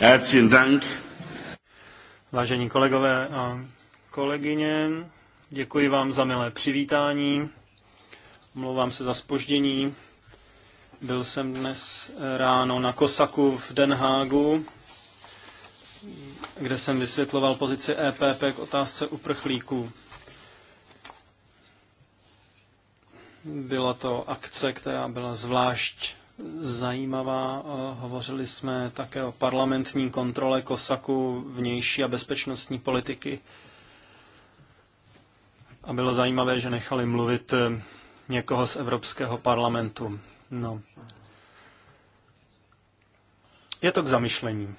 Herzlichen Dank. Vážení kolegové a kolegyně, děkuji vám za milé přivítání. Mluvám se za spoždění. Byl jsem dnes ráno na Kosaku v Den Hágu, kde jsem vysvětloval pozici EPP k otázce uprchlíků. Byla to akce, která byla zvlášť zajímavá. Eh, hovořili jsme také o parlamentní kontrole Kosaku, vnější a bezpečnostní politiky. A bylo zajímavé, že nechali mluvit eh, někoho z Evropského parlamentu. No. Je to k zamyšlení.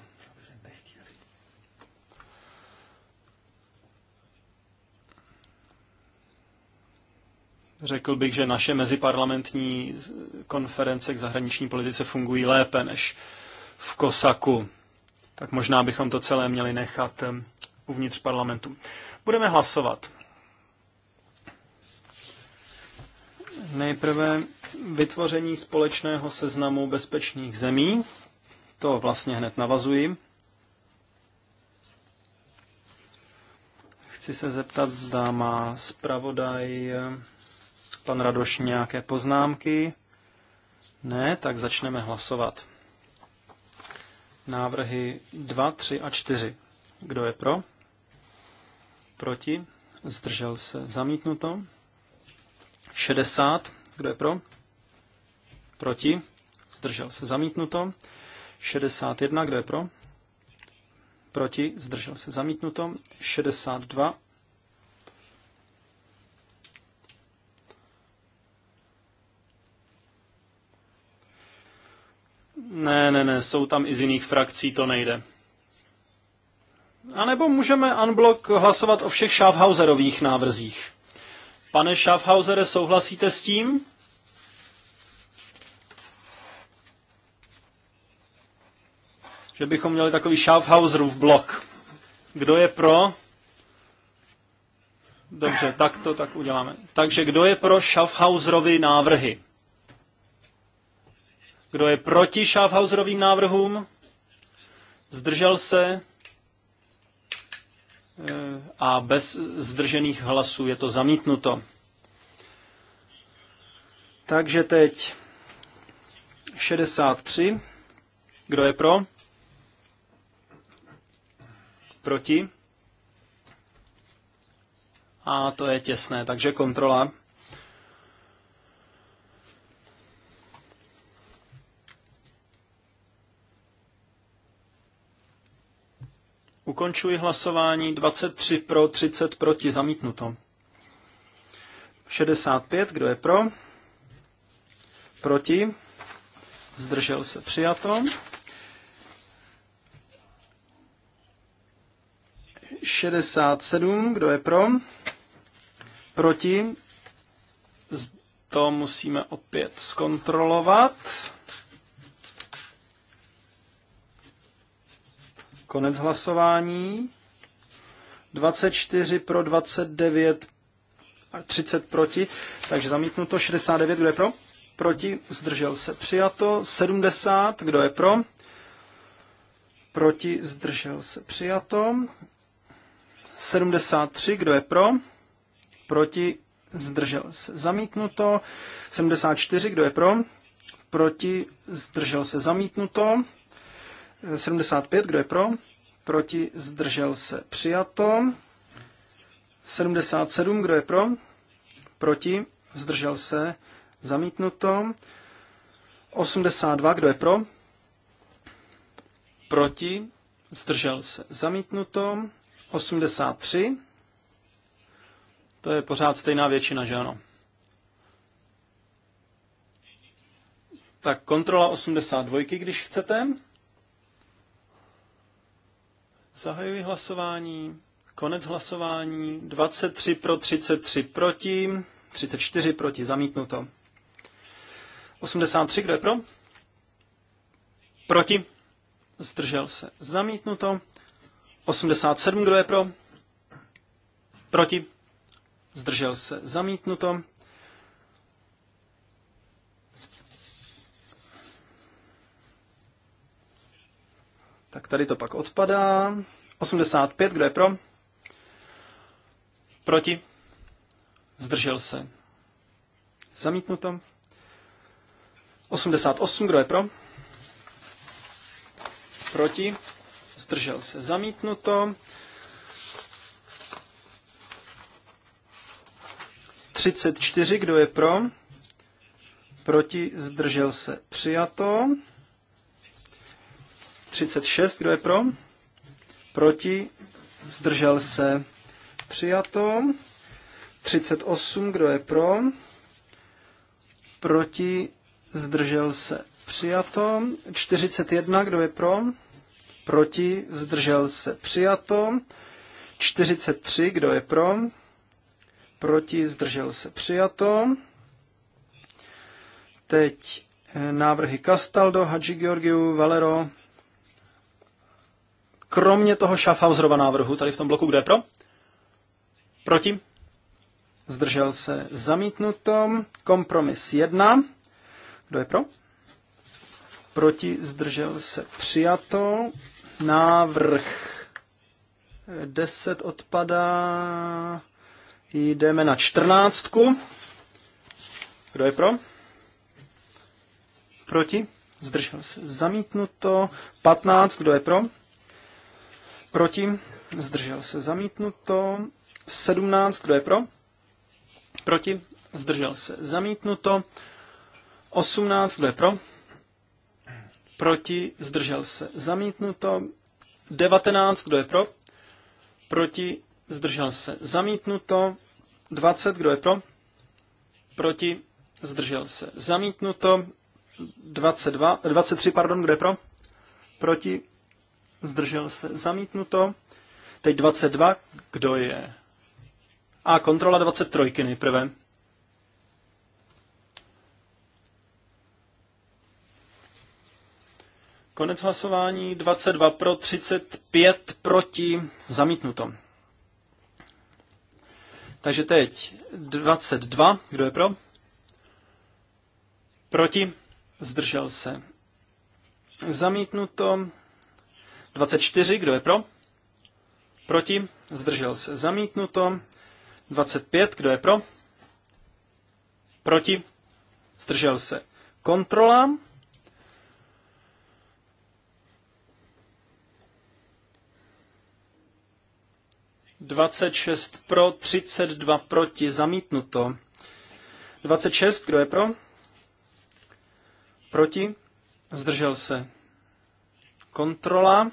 Řekl bych, že naše meziparlamentní konference k zahraniční politice fungují lépe než v Kosaku. Tak možná bychom to celé měli nechat uvnitř parlamentu. Budeme hlasovat. Nejprve vytvoření společného seznamu bezpečných zemí. To vlastně hned navazuji. Chci se zeptat, zda má zpravodaj pan Radoš nějaké poznámky? Ne, tak začneme hlasovat. Návrhy 2, 3 a 4. Kdo je pro? Proti? Zdržel se. Zamítnuto. 60. Kdo je pro? Proti? Zdržel se. Zamítnuto. 61. Kdo je pro? Proti? Zdržel se. Zamítnuto. 62 Ne, ne, ne, jsou tam i z jiných frakcí, to nejde. A nebo můžeme unblock hlasovat o všech Schaffhauserových návrzích. Pane Schaffhausere, souhlasíte s tím? Že bychom měli takový Schaffhauserův blok. Kdo je pro? Dobře, tak to tak uděláme. Takže kdo je pro Schaffhauserovy návrhy? Kdo je proti Schaffhauserovým návrhům? Zdržel se? Eh, a bez zdržených hlasů je to zamítnuto. Takže teď 63. Kdo je pro? Proti? A to je těsné, takže kontrola. Ukončuji hlasování 23 pro, 30 proti, zamítnuto. 65, kdo je pro? Proti? Zdržel se přijato. 67, kdo je pro? Proti? To musíme opět zkontrolovat. Konec hlasování. 24 pro 29 a 30 proti, takže zamítnuto 69, kdo je pro? Proti, zdržel se přijato, 70, kdo je pro? Proti, zdržel se přijato, 73, kdo je pro? Proti, zdržel se zamítnuto, 74, kdo je pro? Proti, zdržel se zamítnuto, 75, kdo je pro? Proti zdržel se přijato. 77, kdo je pro? Proti zdržel se zamítnuto. 82, kdo je pro? Proti zdržel se zamítnuto. 83, to je pořád stejná většina, že ano? Tak kontrola 82, když chcete. Zahajuji hlasování. Konec hlasování. 23 pro, 33 proti, 34 proti, zamítnuto. 83, kdo je pro? Proti. Zdržel se. Zamítnuto. 87, kdo je pro? Proti. Zdržel se. Zamítnuto. Tak tady to pak odpadá. 85, kdo je pro? Proti? Zdržel se. Zamítnuto. 88, kdo je pro? Proti? Zdržel se. Zamítnuto. 34, kdo je pro? Proti? Zdržel se. Přijato. 36, kdo je pro? Proti? Zdržel se? Přijato. 38, kdo je pro? Proti? Zdržel se? Přijato. 41, kdo je pro? Proti? Zdržel se? Přijato. 43, kdo je pro? Proti? Zdržel se? Přijato. Teď eh, návrhy Castaldo, Hadži Georgiu, Valero, kromě toho Schaffhauserova návrhu tady v tom bloku, kde je pro? Proti? Zdržel se zamítnutom. Kompromis 1. Kdo je pro? Proti zdržel se přijato. Návrh 10 odpadá. Jdeme na 14. Kdo je pro? Proti? Zdržel se. Zamítnuto. 15. Kdo je pro? Proti? Zdržel se zamítnuto. 17. Kdo je pro? Proti? Zdržel se zamítnuto. 18. Kdo je pro? Proti? Zdržel se zamítnuto. 19. Kdo je pro? Proti? Zdržel se zamítnuto. 20. Kdo je pro? Proti? Zdržel se zamítnuto. 22, 23, pardon, kdo je pro? Proti? zdržel se, zamítnuto. Teď 22, kdo je? A kontrola 23 nejprve. Konec hlasování 22 pro 35 proti zamítnuto. Takže teď 22, kdo je pro? Proti, zdržel se. Zamítnuto 24, kdo je pro? Proti? Zdržel se. Zamítnuto. 25, kdo je pro? Proti? Zdržel se. Kontrola. Dvacet šest pro, třicet dva proti, zamítnuto. Dvacet šest, kdo je pro? Proti, zdržel se. Kontrola.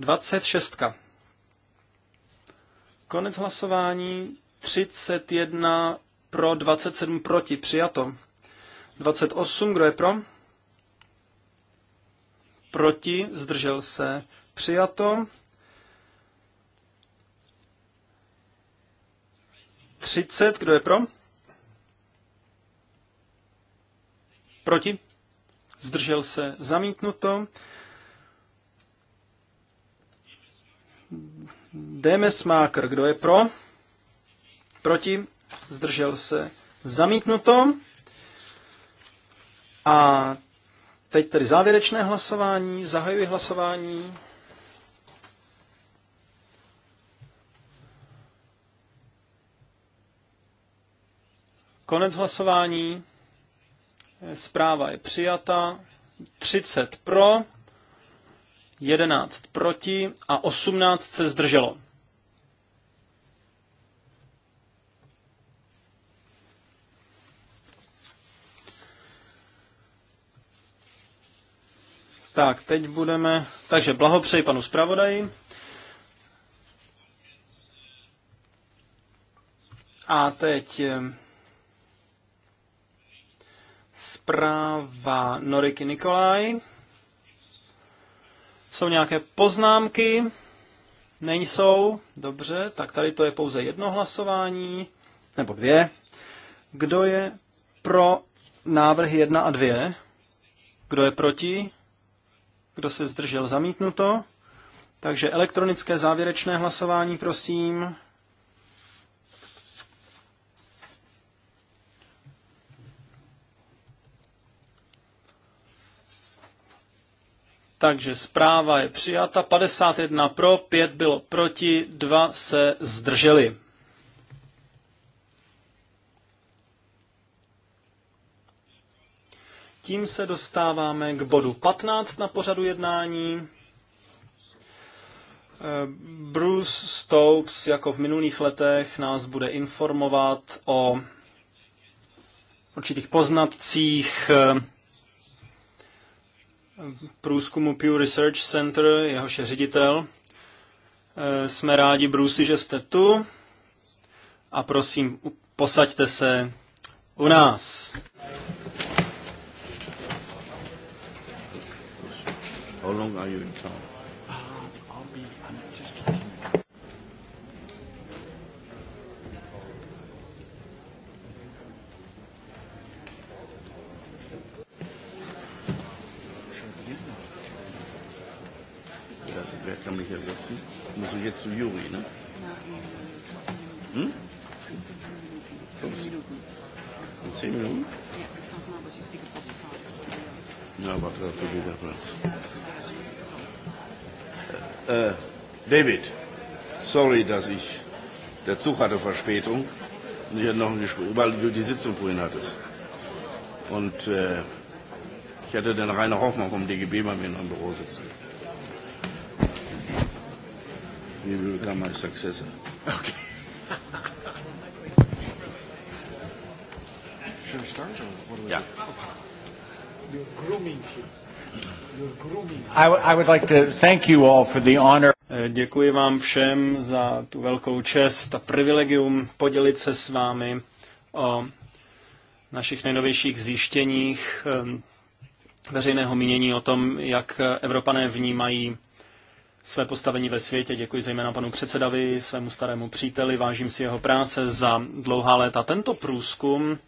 26. Konec hlasování 31 pro, 27 proti, přijato. 28, kdo je pro? Proti, zdržel se, přijato. 30, kdo je pro? Proti, zdržel se, zamítnuto. Demesmaker, kdo je pro? Proti? Zdržel se. Zamítnuto. A teď tedy závěrečné hlasování. Zahajuji hlasování. Konec hlasování. Zpráva je přijata. 30 pro, 11 proti a 18 se zdrželo. Tak, teď budeme... Takže blahopřeji panu zpravodaji. A teď eh, zpráva Noriky Nikolaj. Jsou nějaké poznámky? Nejsou? Dobře, tak tady to je pouze jedno hlasování, nebo dvě. Kdo je pro návrhy 1 a 2? Kdo je proti? Kdo se zdržel zamítnuto? Takže elektronické závěrečné hlasování, prosím. Takže zpráva je přijata, 51 pro, 5 bylo proti, 2 se zdrželi. Tím se dostáváme k bodu 15 na pořadu jednání. Eh, Bruce Stokes, jako v minulých letech, nás bude informovat o určitých poznatcích eh, průzkumu Pew Research Center, jehož je ředitel. Eh, jsme rádi, Brusy, že jste tu a prosím, posaďte se u nás. How long are you in town? setzen? Musst du jetzt zu Juri, ne? Hm? In 15 Minuten. In 10 Minuten? Ja, it's not now, but you speak about the phone. No, but that will be Äh, David, sorry, dass ich, der Zug hatte Verspätung und ich hatte noch ein Gespräch, weil du die Sitzung vorhin hattest. Und äh, ich hatte den Rainer Hoffmann vom um DGB bei mir in einem Büro sitzen. You will become my successor. Okay. Should we start or what do we yeah. do? You're grooming You're grooming I, I would like to thank you all for the honor. Eh, děkuji vám všem za tu velkou čest a privilegium podělit se s vámi o našich nejnovějších zjištěních eh, veřejného mínění o tom, jak Evropané vnímají své postavení ve světě. Děkuji zejména panu předsedavi, svému starému příteli, vážím si jeho práce za dlouhá léta. Tento průzkum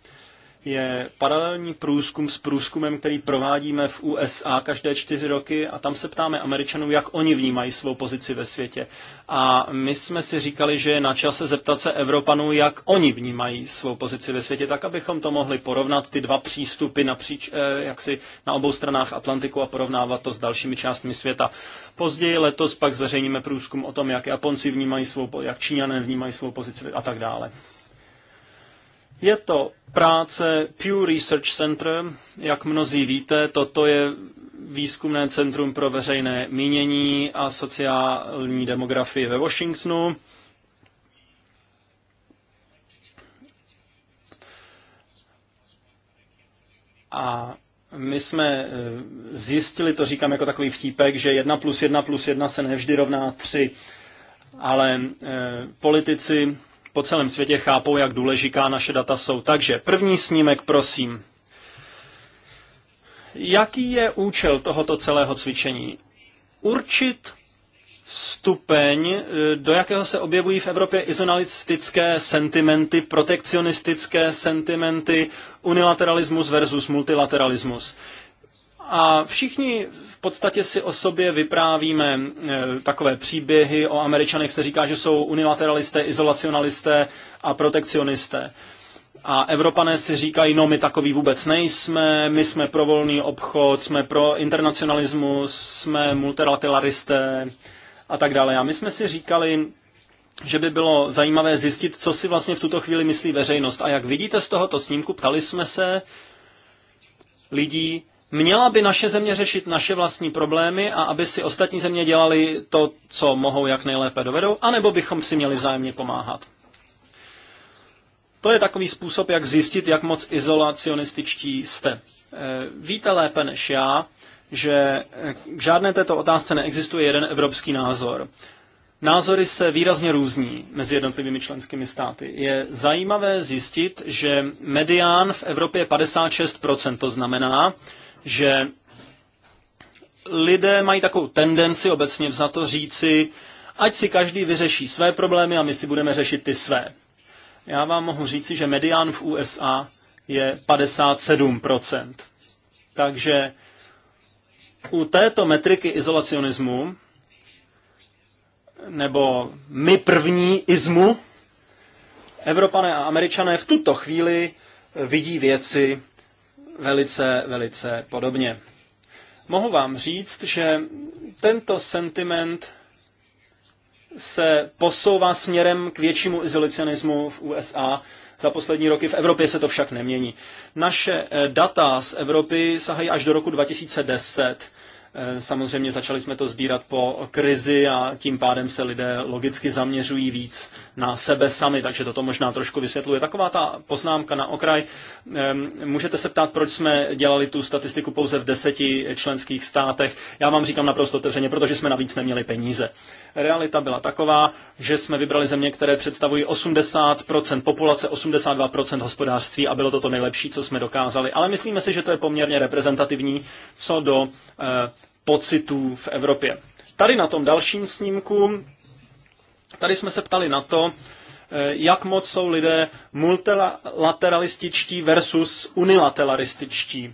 je paralelní průzkum s průzkumem, který provádíme v USA každé čtyři roky a tam se ptáme Američanů, jak oni vnímají svou pozici ve světě. A my jsme si říkali, že je na čase zeptat se Evropanů, jak oni vnímají svou pozici ve světě, tak abychom to mohli porovnat, ty dva přístupy napříč, eh, jaksi na obou stranách Atlantiku a porovnávat to s dalšími částmi světa. Později letos pak zveřejníme průzkum o tom, jak Japonci vnímají svou, jak Číňané vnímají svou pozici a tak dále. Je to práce Pew Research Center. Jak mnozí víte, toto je výzkumné centrum pro veřejné mínění a sociální demografii ve Washingtonu. A my jsme eh, zjistili, to říkám jako takový vtípek, že 1 plus 1 plus 1 se nevždy rovná 3. Ale eh, politici po celém světě chápou, jak důležitá naše data jsou. Takže první snímek, prosím. Jaký je účel tohoto celého cvičení? Určit stupeň, e, do jakého se objevují v Evropě izonalistické sentimenty, protekcionistické sentimenty, unilateralismus versus multilateralismus. A všichni podstatě si o sobě vyprávíme e, takové příběhy o Američanech, se říká, že jsou unilateralisté, izolacionalisté a protekcionisté. A Evropané si říkají, no my takový vůbec nejsme, my jsme pro volný obchod, jsme pro internacionalismus, jsme multilateralisté a tak dále. A my jsme si říkali, že by bylo zajímavé zjistit, co si vlastně v tuto chvíli myslí veřejnost. A jak vidíte z tohoto snímku, ptali jsme se lidí, Měla by naše země řešit naše vlastní problémy a aby si ostatní země dělali to, co mohou, jak nejlépe dovedou, anebo bychom si měli vzájemně pomáhat. To je takový způsob, jak zjistit, jak moc izolacionističtí jste. Eh, víte lépe než já, že eh, k žádné této otázce neexistuje jeden evropský názor. Názory se výrazně různí mezi jednotlivými členskými státy. Je zajímavé zjistit, že medián v Evropě je 56%, to znamená, že lidé mají takovou tendenci obecně vzato říci, ať si každý vyřeší své problémy a my si budeme řešit ty své. Já vám mohu říci, že medián v USA je 57%. Takže u této metriky izolacionismu, nebo my první izmu, Evropané a Američané v tuto chvíli vidí věci velice, velice podobně. Mohu vám říct, že tento sentiment se posouvá směrem k většímu izolacionismu v USA. Za poslední roky v Evropě se to však nemění. Naše eh, data z Evropy sahají až do roku 2010 Eh, samozřejmě začali jsme to sbírat po krizi a tím pádem se lidé logicky zaměřují víc na sebe sami, takže toto možná trošku vysvětluje. Taková ta poznámka na okraj. Můžete se ptát, proč jsme dělali tu statistiku pouze v deseti členských státech. Já vám říkám naprosto otevřeně, protože jsme navíc neměli peníze. Realita byla taková, že jsme vybrali země, které představují 80% populace, 82% hospodářství a bylo to to nejlepší, co jsme dokázali. Ale myslíme si, že to je poměrně reprezentativní co do eh, pocitů v Evropě. Tady na tom dalším snímku, tady jsme se ptali na to, eh, jak moc jsou lidé multilateralističtí versus unilateralističtí.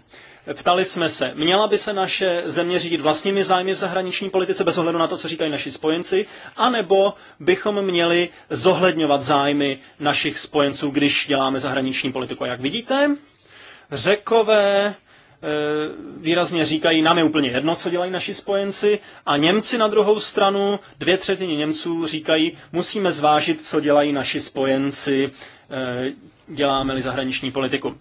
Ptali jsme se, měla by se naše země řídit vlastními zájmy v zahraniční politice bez ohledu na to, co říkají naši spojenci, anebo bychom měli zohledňovat zájmy našich spojenců, když děláme zahraniční politiku. A jak vidíte, řekové eh, výrazně říkají, nám je úplně jedno, co dělají naši spojenci, a Němci na druhou stranu, dvě třetiny Němců říkají, musíme zvážit, co dělají naši spojenci, eh, děláme-li zahraniční politiku.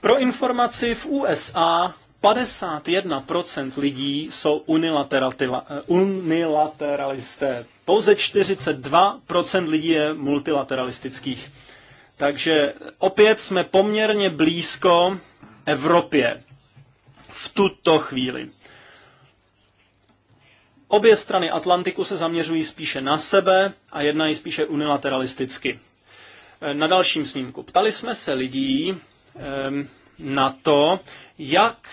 Pro informaci v USA 51% lidí jsou eh, unilateralisté. Pouze 42% lidí je multilateralistických. Takže opět jsme poměrně blízko Evropě v tuto chvíli. Obě strany Atlantiku se zaměřují spíše na sebe a jednají spíše unilateralisticky. Eh, na dalším snímku. Ptali jsme se lidí, na to, jak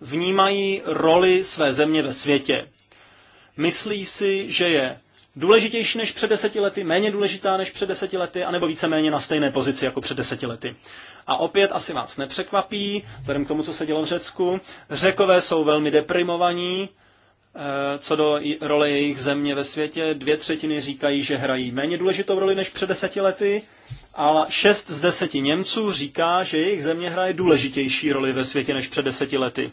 vnímají roli své země ve světě. Myslí si, že je důležitější než před deseti lety, méně důležitá než před deseti lety, anebo víceméně na stejné pozici jako před deseti lety. A opět asi vás nepřekvapí, vzhledem k tomu, co se dělo v Řecku, Řekové jsou velmi deprimovaní, eh, co do role jejich země ve světě. Dvě třetiny říkají, že hrají méně důležitou roli než před deseti lety ale 6 z 10 Němců říká, že jejich země hraje důležitější roli ve světě než před deseti lety.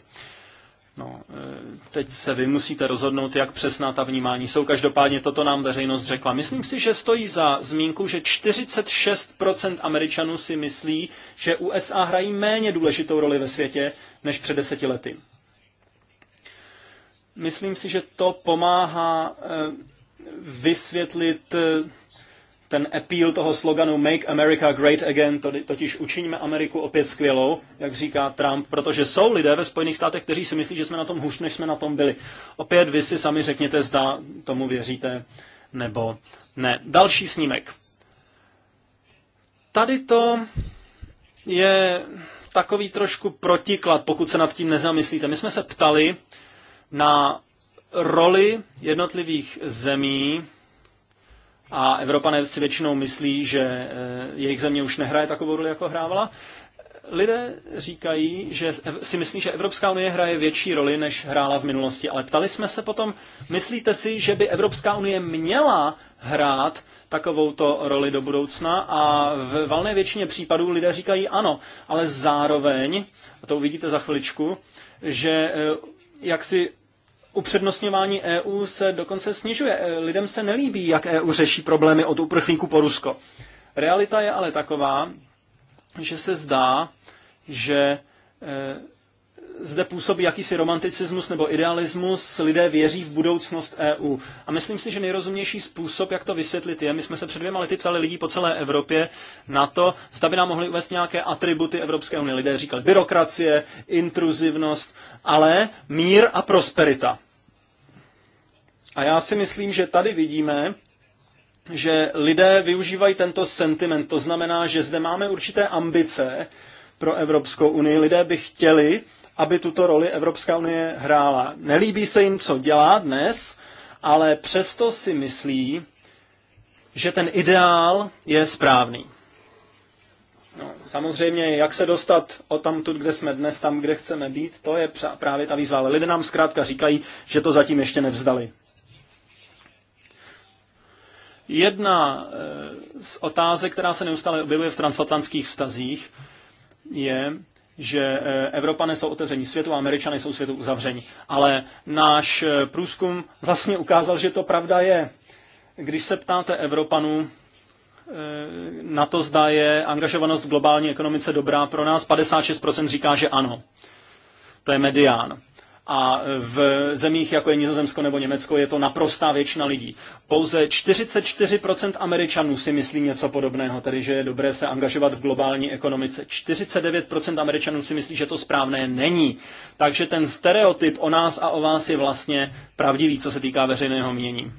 No, e, teď se vy musíte rozhodnout, jak přesná ta vnímání jsou. Každopádně toto nám veřejnost řekla. Myslím si, že stojí za zmínku, že 46% Američanů si myslí, že USA hrají méně důležitou roli ve světě než před deseti lety. Myslím si, že to pomáhá e, vysvětlit e, ten appeal toho sloganu Make America Great Again, totiž učiníme Ameriku opět skvělou, jak říká Trump, protože jsou lidé ve Spojených státech, kteří si myslí, že jsme na tom hůř, než jsme na tom byli. Opět vy si sami řekněte, zda tomu věříte nebo ne. Další snímek. Tady to je takový trošku protiklad, pokud se nad tím nezamyslíte. My jsme se ptali na roli jednotlivých zemí a Evropané si většinou myslí, že eh, jejich země už nehraje takovou roli, jako hrávala. Lidé říkají, že si myslí, že Evropská unie hraje větší roli, než hrála v minulosti, ale ptali jsme se potom, myslíte si, že by Evropská unie měla hrát takovouto roli do budoucna a v valné většině případů lidé říkají ano, ale zároveň, a to uvidíte za chviličku, že eh, jak si upřednostňování EU se dokonce snižuje. E, lidem se nelíbí, jak EU řeší problémy od uprchlíků po Rusko. Realita je ale taková, že se zdá, že e, zde působí jakýsi romanticismus nebo idealismus, lidé věří v budoucnost EU. A myslím si, že nejrozumější způsob, jak to vysvětlit, je, my jsme se před dvěma lety ptali lidí po celé Evropě na to, zda by nám mohli uvést nějaké atributy Evropské unie. Lidé říkali byrokracie, intruzivnost, ale mír a prosperita. A já si myslím, že tady vidíme, že lidé využívají tento sentiment. To znamená, že zde máme určité ambice pro Evropskou unii. Lidé by chtěli, aby tuto roli Evropská unie hrála. Nelíbí se jim, co dělá dnes, ale přesto si myslí, že ten ideál je správný. No, samozřejmě, jak se dostat o tamtud, kde jsme dnes, tam, kde chceme být, to je právě ta výzva. Ale lidé nám zkrátka říkají, že to zatím ještě nevzdali. Jedna eh, z otázek, která se neustále objevuje v transatlantských vztazích, je, že eh, Evropané jsou otevření světu a Američané jsou světu uzavření. Ale náš eh, průzkum vlastně ukázal, že to pravda je. Když se ptáte Evropanů na to, zda je angažovanost v globální ekonomice dobrá pro nás, 56% říká, že ano. To je medián a v zemích, jako je Nizozemsko nebo Německo, je to naprostá většina lidí. Pouze 44% Američanů si myslí něco podobného, tedy že je dobré se angažovat v globální ekonomice. 49% Američanů si myslí, že to správné není. Takže ten stereotyp o nás a o vás je vlastně pravdivý, co se týká veřejného mění.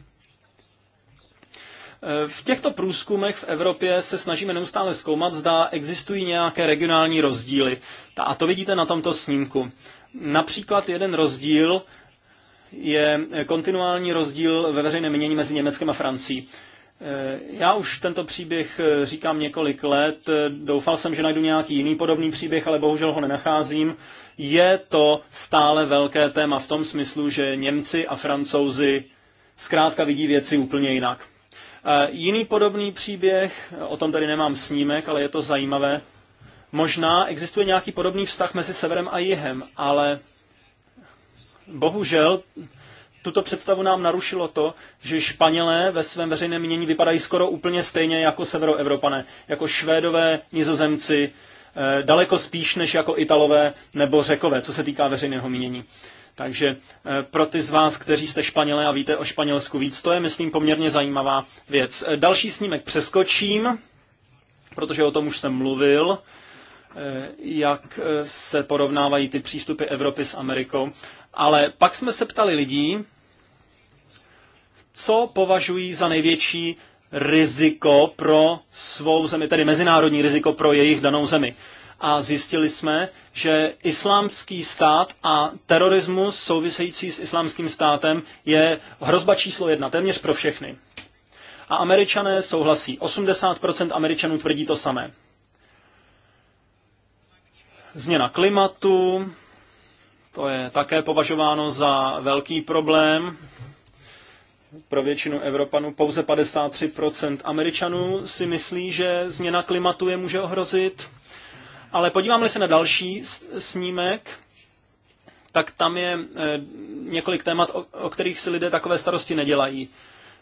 V těchto průzkumech v Evropě se snažíme neustále zkoumat, zda existují nějaké regionální rozdíly. A to vidíte na tomto snímku. Například jeden rozdíl je kontinuální rozdíl ve veřejném mění mezi Německem a Francií. Eh, já už tento příběh eh, říkám několik let, doufal jsem, že najdu nějaký jiný podobný příběh, ale bohužel ho nenacházím. Je to stále velké téma v tom smyslu, že Němci a Francouzi zkrátka vidí věci úplně jinak. Eh, jiný podobný příběh, o tom tady nemám snímek, ale je to zajímavé, Možná existuje nějaký podobný vztah mezi severem a jihem, ale bohužel tuto představu nám narušilo to, že Španělé ve svém veřejném mínění vypadají skoro úplně stejně jako severoevropané, jako Švédové, Nizozemci, eh, daleko spíš než jako Italové nebo Řekové, co se týká veřejného mínění. Takže eh, pro ty z vás, kteří jste Španělé a víte o Španělsku víc, to je, myslím, poměrně zajímavá věc. Další snímek přeskočím, protože o tom už jsem mluvil. Eh, jak eh, se porovnávají ty přístupy Evropy s Amerikou. Ale pak jsme se ptali lidí, co považují za největší riziko pro svou zemi, tedy mezinárodní riziko pro jejich danou zemi. A zjistili jsme, že islámský stát a terorismus související s islámským státem je hrozba číslo jedna, téměř pro všechny. A američané souhlasí. 80% američanů tvrdí to samé. Změna klimatu, to je také považováno za velký problém. Pro většinu Evropanů pouze 53% Američanů si myslí, že změna klimatu je může ohrozit. Ale podíváme se na další snímek, tak tam je eh, několik témat, o kterých si lidé takové starosti nedělají.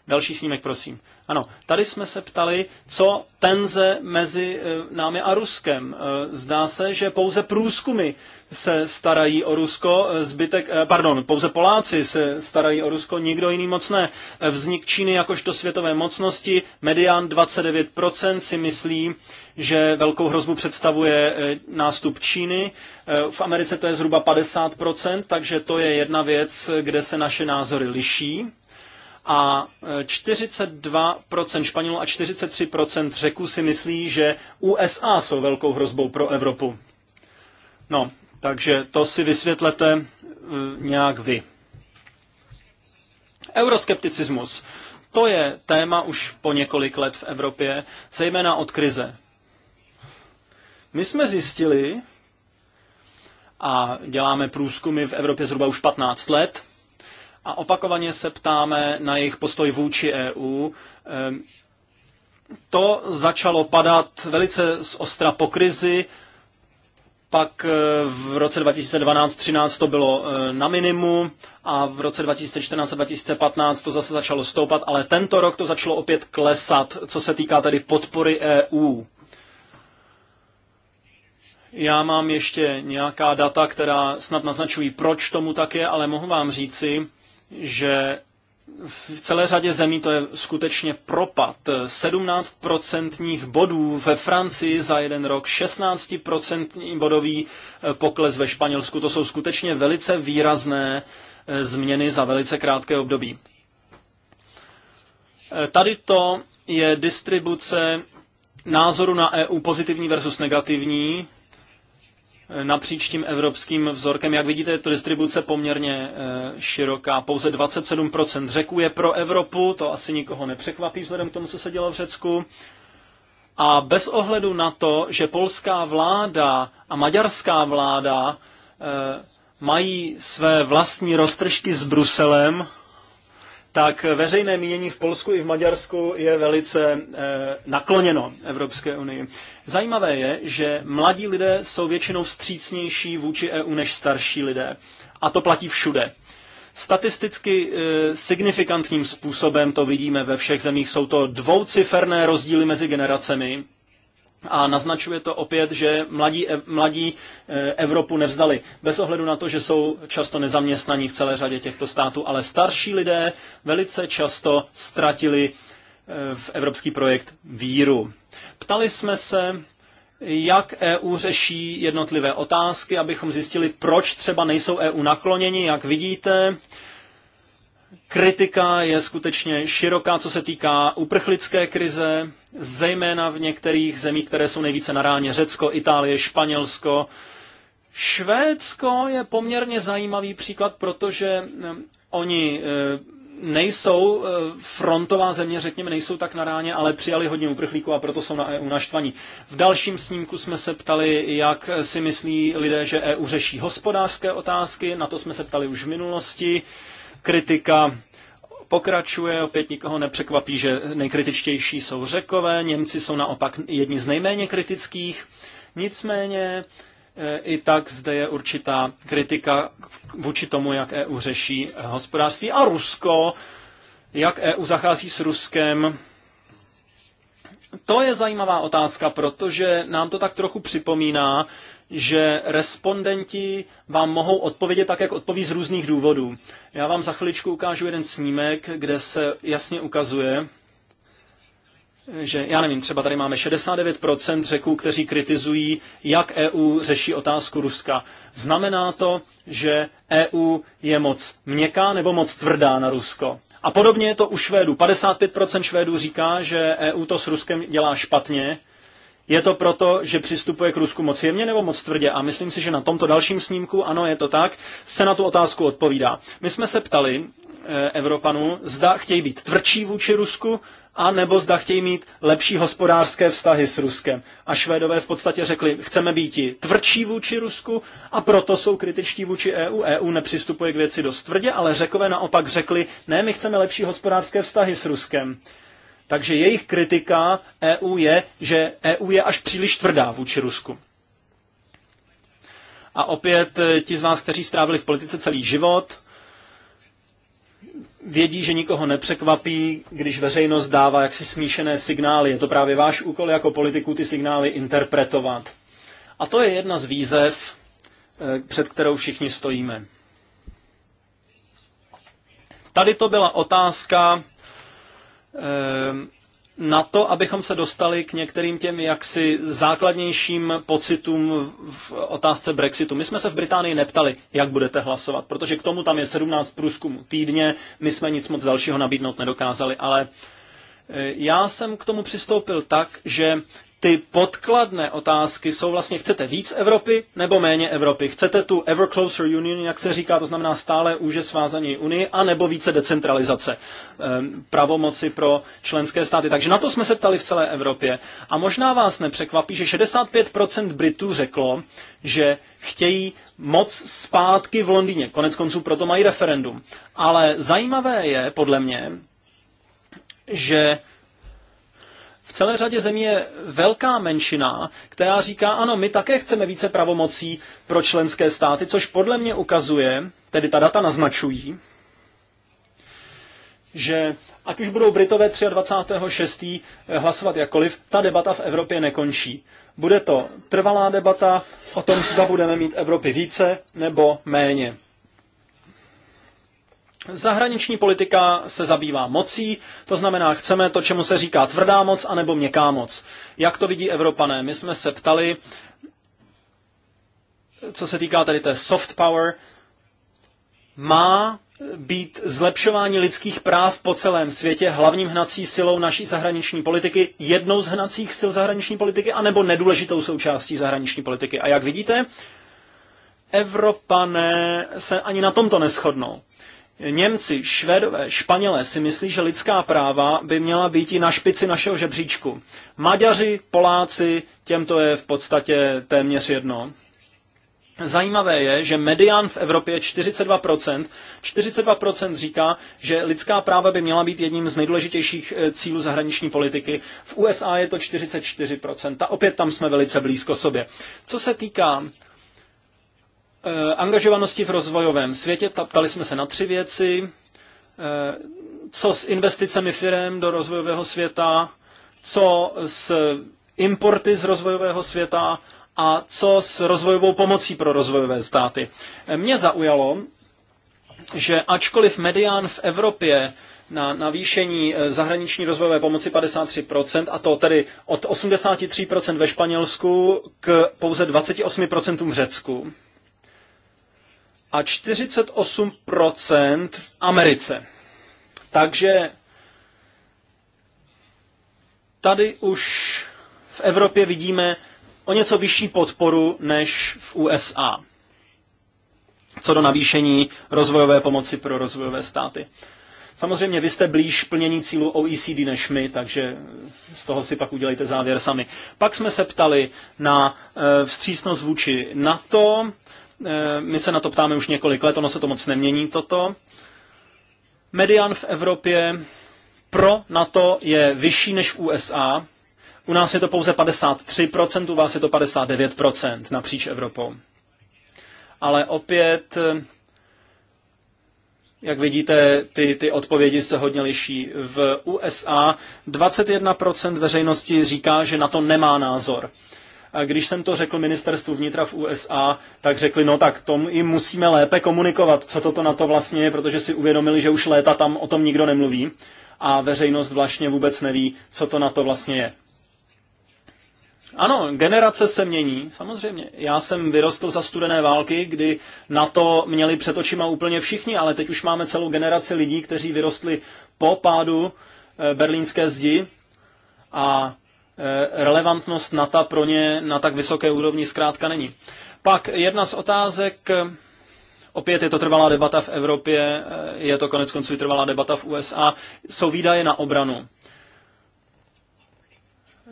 Další snímek, prosím. Ano, tady jsme se ptali, co tenze mezi eh, námi a Ruskem. Eh, zdá se, že pouze průzkumy se starají o Rusko, eh, zbytek, pardon, pouze Poláci se starají o Rusko, nikdo jiný moc ne. Vznik Číny jakožto světové mocnosti, medián 29% si myslí, že velkou hrozbu představuje nástup Číny. V Americe to je zhruba 50%, takže to je jedna věc, kde se naše názory liší a 42% e, Španělů a 43% Řeků si myslí, že USA jsou velkou hrozbou pro Evropu. No, takže to si vysvětlete e, nějak vy. Euroskepticismus. To je téma už po několik let v Evropě, zejména od krize. My jsme zjistili, a děláme průzkumy v Evropě zhruba už 15 let, a opakovaně se ptáme na jejich postoj vůči EU. Ehm, to začalo padat velice z ostra po krizi, pak eh, v roce 2012-13 to bylo eh, na minimum a v roce 2014 a 2015 to zase začalo stoupat, ale tento rok to začalo opět klesat, co se týká tedy podpory EU. Já mám ještě nějaká data, která snad naznačují, proč tomu tak je, ale mohu vám říci, že v celé řadě zemí to je skutečně propad. 17% bodů ve Francii za jeden rok, 16% bodový eh, pokles ve Španělsku. To jsou skutečně velice výrazné eh, změny za velice krátké období. Eh, tady to je distribuce názoru na EU pozitivní versus negativní napříč tím evropským vzorkem. Jak vidíte, je to distribuce poměrně eh, široká. Pouze 27% řeků je pro Evropu, to asi nikoho nepřekvapí vzhledem k tomu, co se dělo v Řecku. A bez ohledu na to, že polská vláda a maďarská vláda eh, mají své vlastní roztržky s Bruselem, tak veřejné mínění v Polsku i v Maďarsku je velice eh, nakloněno Evropské unii. Zajímavé je, že mladí lidé jsou většinou vstřícnější vůči EU než starší lidé. A to platí všude. Statisticky eh, signifikantním způsobem to vidíme ve všech zemích. Jsou to dvouciferné rozdíly mezi generacemi. A naznačuje to opět, že mladí, e, mladí e, Evropu nevzdali. Bez ohledu na to, že jsou často nezaměstnaní v celé řadě těchto států, ale starší lidé velice často ztratili e, v evropský projekt víru. Ptali jsme se, jak EU řeší jednotlivé otázky, abychom zjistili, proč třeba nejsou EU nakloněni, jak vidíte, Kritika je skutečně široká, co se týká uprchlické krize, zejména v některých zemích, které jsou nejvíce na ráně. Řecko, Itálie, Španělsko. Švédsko je poměrně zajímavý příklad, protože ehm, oni ehm, nejsou ehm, frontová země, řekněme, nejsou tak na ráně, ale přijali hodně uprchlíků a proto jsou na EU naštvaní. V dalším snímku jsme se ptali, jak si myslí lidé, že EU řeší hospodářské otázky, na to jsme se ptali už v minulosti kritika pokračuje, opět nikoho nepřekvapí, že nejkritičtější jsou řekové, Němci jsou naopak jedni z nejméně kritických, nicméně eh, i tak zde je určitá kritika vůči tomu, jak EU řeší hospodářství a Rusko, jak EU zachází s Ruskem. To je zajímavá otázka, protože nám to tak trochu připomíná, že respondenti vám mohou odpovědět tak, jak odpoví z různých důvodů. Já vám za chviličku ukážu jeden snímek, kde se jasně ukazuje, že, já nevím, třeba tady máme 69% řeků, kteří kritizují, jak EU řeší otázku Ruska. Znamená to, že EU je moc měkká nebo moc tvrdá na Rusko? A podobně je to u Švédů. 55% Švédů říká, že EU to s Ruskem dělá špatně je to proto, že přistupuje k Rusku moc jemně nebo moc tvrdě? A myslím si, že na tomto dalším snímku, ano, je to tak, se na tu otázku odpovídá. My jsme se ptali e, Evropanů, zda chtějí být tvrdší vůči Rusku, a nebo zda chtějí mít lepší hospodářské vztahy s Ruskem. A Švédové v podstatě řekli, chceme být tvrdší vůči Rusku a proto jsou kritičtí vůči EU. EU nepřistupuje k věci dost tvrdě, ale Řekové naopak řekli, ne, my chceme lepší hospodářské vztahy s Ruskem. Takže jejich kritika EU je, že EU je až příliš tvrdá vůči Rusku. A opět eh, ti z vás, kteří strávili v politice celý život, vědí, že nikoho nepřekvapí, když veřejnost dává jaksi smíšené signály. Je to právě váš úkol jako politiku ty signály interpretovat. A to je jedna z výzev, eh, před kterou všichni stojíme. Tady to byla otázka Ehm, na to, abychom se dostali k některým těm jaksi základnějším pocitům v otázce Brexitu. My jsme se v Británii neptali, jak budete hlasovat, protože k tomu tam je 17 průzkumů týdně, my jsme nic moc dalšího nabídnout nedokázali, ale eh, já jsem k tomu přistoupil tak, že ty podkladné otázky jsou vlastně, chcete víc Evropy nebo méně Evropy? Chcete tu ever closer union, jak se říká, to znamená stále úže svázaní Unii, a nebo více decentralizace ehm, pravomoci pro členské státy. Takže na to jsme se ptali v celé Evropě. A možná vás nepřekvapí, že 65% Britů řeklo, že chtějí moc zpátky v Londýně. Konec konců proto mají referendum. Ale zajímavé je, podle mě, že celé řadě zemí je velká menšina, která říká, ano, my také chceme více pravomocí pro členské státy, což podle mě ukazuje, tedy ta data naznačují, že ať už budou Britové 23.6. hlasovat jakkoliv, ta debata v Evropě nekončí. Bude to trvalá debata o tom, zda budeme mít Evropy více nebo méně. Zahraniční politika se zabývá mocí, to znamená, chceme to, čemu se říká tvrdá moc anebo měkká moc. Jak to vidí Evropané? My jsme se ptali, co se týká tady té soft power, má být zlepšování lidských práv po celém světě hlavním hnací silou naší zahraniční politiky, jednou z hnacích sil zahraniční politiky, anebo nedůležitou součástí zahraniční politiky. A jak vidíte, Evropané se ani na tomto neschodnou. Němci, Švédové, Španělé si myslí, že lidská práva by měla být i na špici našeho žebříčku. Maďaři, Poláci, těm to je v podstatě téměř jedno. Zajímavé je, že medián v Evropě je 42%. 42% říká, že lidská práva by měla být jedním z nejdůležitějších eh, cílů zahraniční politiky. V USA je to 44%. A opět tam jsme velice blízko sobě. Co se týká Eh, angažovanosti v rozvojovém světě, ptali jsme se na tři věci, eh, co s investicemi firm do rozvojového světa, co s importy z rozvojového světa a co s rozvojovou pomocí pro rozvojové státy. Eh, mě zaujalo, že ačkoliv medián v Evropě na navýšení zahraniční rozvojové pomoci 53%, a to tedy od 83% ve Španělsku k pouze 28% v Řecku, a 48% v Americe. Takže tady už v Evropě vidíme o něco vyšší podporu než v USA co do navýšení rozvojové pomoci pro rozvojové státy. Samozřejmě vy jste blíž plnění cílu OECD než my, takže z toho si pak udělejte závěr sami. Pak jsme se ptali na eh, vstřícnost vůči NATO, Eh, my se na to ptáme už několik let, ono se to moc nemění toto. Median v Evropě pro NATO je vyšší než v USA. U nás je to pouze 53%, u vás je to 59% napříč Evropou. Ale opět eh, jak vidíte, ty, ty odpovědi se hodně liší. V USA 21% veřejnosti říká, že na to nemá názor. A když jsem to řekl ministerstvu vnitra v USA, tak řekli, no tak tom i musíme lépe komunikovat, co toto na to vlastně je, protože si uvědomili, že už léta tam o tom nikdo nemluví a veřejnost vlastně vůbec neví, co to na to vlastně je. Ano, generace se mění, samozřejmě. Já jsem vyrostl za studené války, kdy na to měli před očima úplně všichni, ale teď už máme celou generaci lidí, kteří vyrostli po pádu eh, berlínské zdi a Eh, relevantnost NATO pro ně na tak vysoké úrovni zkrátka není. Pak jedna z otázek, opět je to trvalá debata v Evropě, eh, je to konec konců trvalá debata v USA, jsou výdaje na obranu.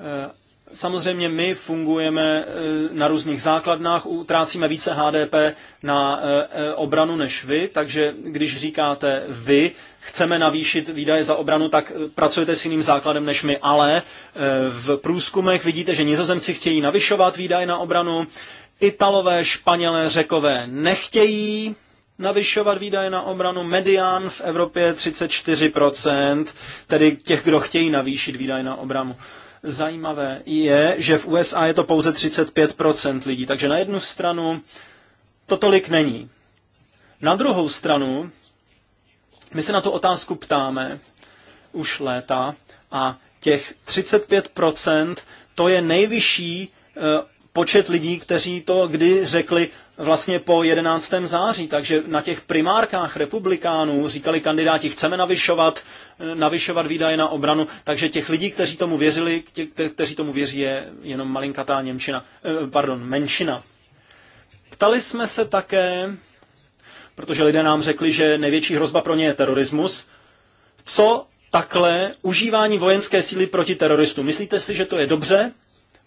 Eh, Samozřejmě my fungujeme eh, na různých základnách, utrácíme více HDP na eh, eh, obranu než vy, takže když říkáte vy, chceme navýšit výdaje za obranu, tak pracujete s jiným základem než my, ale v průzkumech vidíte, že nizozemci chtějí navyšovat výdaje na obranu, Italové, Španělé, Řekové nechtějí navyšovat výdaje na obranu. Medián v Evropě 34%, tedy těch, kdo chtějí navýšit výdaje na obranu. Zajímavé je, že v USA je to pouze 35% lidí, takže na jednu stranu to tolik není. Na druhou stranu, my se na tu otázku ptáme už léta a těch 35% to je nejvyšší eh, počet lidí, kteří to kdy řekli, vlastně po 11. září, takže na těch primárkách republikánů říkali kandidáti, chceme navyšovat, eh, navyšovat výdaje na obranu, takže těch lidí, kteří tomu věřili, tě, kte, kteří tomu věří, je jenom malinkatá Němčina, eh, pardon, menšina. Ptali jsme se také, protože lidé nám řekli, že největší hrozba pro ně je terorismus, co takhle užívání vojenské síly proti teroristům. Myslíte si, že to je dobře?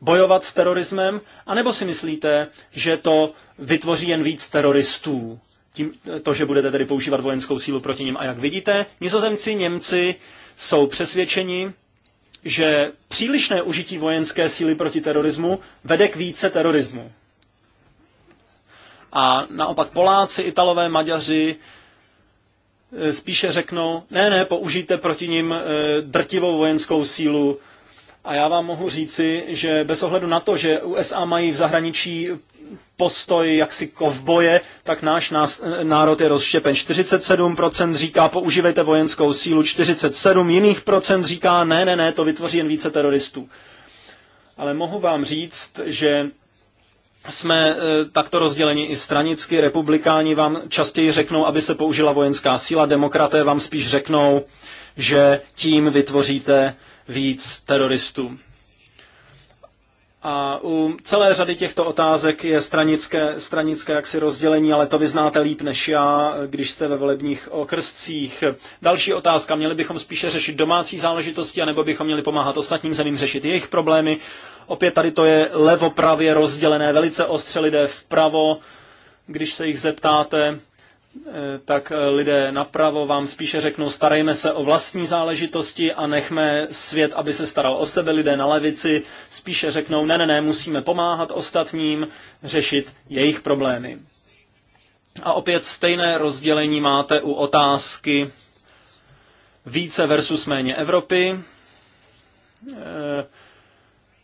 bojovat s terorismem, anebo si myslíte, že to vytvoří jen víc teroristů? Tím, to, že budete tedy používat vojenskou sílu proti ním A jak vidíte, nizozemci, Němci jsou přesvědčeni, že přílišné užití vojenské síly proti terorismu vede k více terorismu. A naopak Poláci, Italové, Maďaři e, spíše řeknou, ne, ne, použijte proti ním e, drtivou vojenskou sílu, a já vám mohu říci, že bez ohledu na to, že USA mají v zahraničí postoj jaksi kovboje, tak náš nás, národ je rozštěpen. 47% říká používejte vojenskou sílu, 47 jiných procent říká ne, ne, ne, to vytvoří jen více teroristů. Ale mohu vám říct, že jsme e, takto rozděleni i stranicky. Republikáni vám častěji řeknou, aby se použila vojenská síla, demokraté vám spíš řeknou, že tím vytvoříte víc teroristů. A u celé řady těchto otázek je stranické, stranické jaksi rozdělení, ale to vy znáte líp než já, když jste ve volebních okrscích. Další otázka, měli bychom spíše řešit domácí záležitosti, anebo bychom měli pomáhat ostatním zemím řešit jejich problémy. Opět tady to je levopravě rozdělené, velice ostře lidé vpravo, když se jich zeptáte, Eh, tak eh, lidé napravo vám spíše řeknou, starejme se o vlastní záležitosti a nechme svět, aby se staral o sebe. Lidé na levici spíše řeknou, ne, ne, ne, musíme pomáhat ostatním řešit jejich problémy. A opět stejné rozdělení máte u otázky více versus méně Evropy. E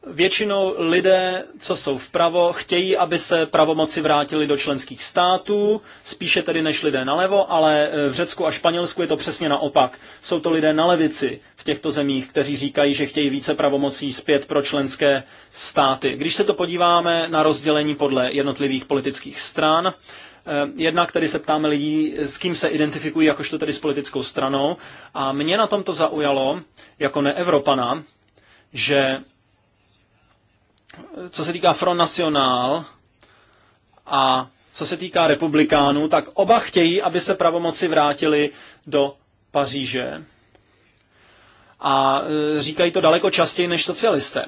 Většinou lidé, co jsou vpravo, chtějí, aby se pravomoci vrátili do členských států, spíše tedy než lidé nalevo, ale e, v Řecku a Španělsku je to přesně naopak. Jsou to lidé na levici v těchto zemích, kteří říkají, že chtějí více pravomocí zpět pro členské státy. Když se to podíváme na rozdělení podle jednotlivých politických stran, e, Jednak tedy se ptáme lidí, s kým se identifikují, jakožto tedy s politickou stranou. A mě na tomto zaujalo, jako neevropana, že co se týká Front National a co se týká republikánů, tak oba chtějí, aby se pravomoci vrátili do Paříže. A e, říkají to daleko častěji než socialisté.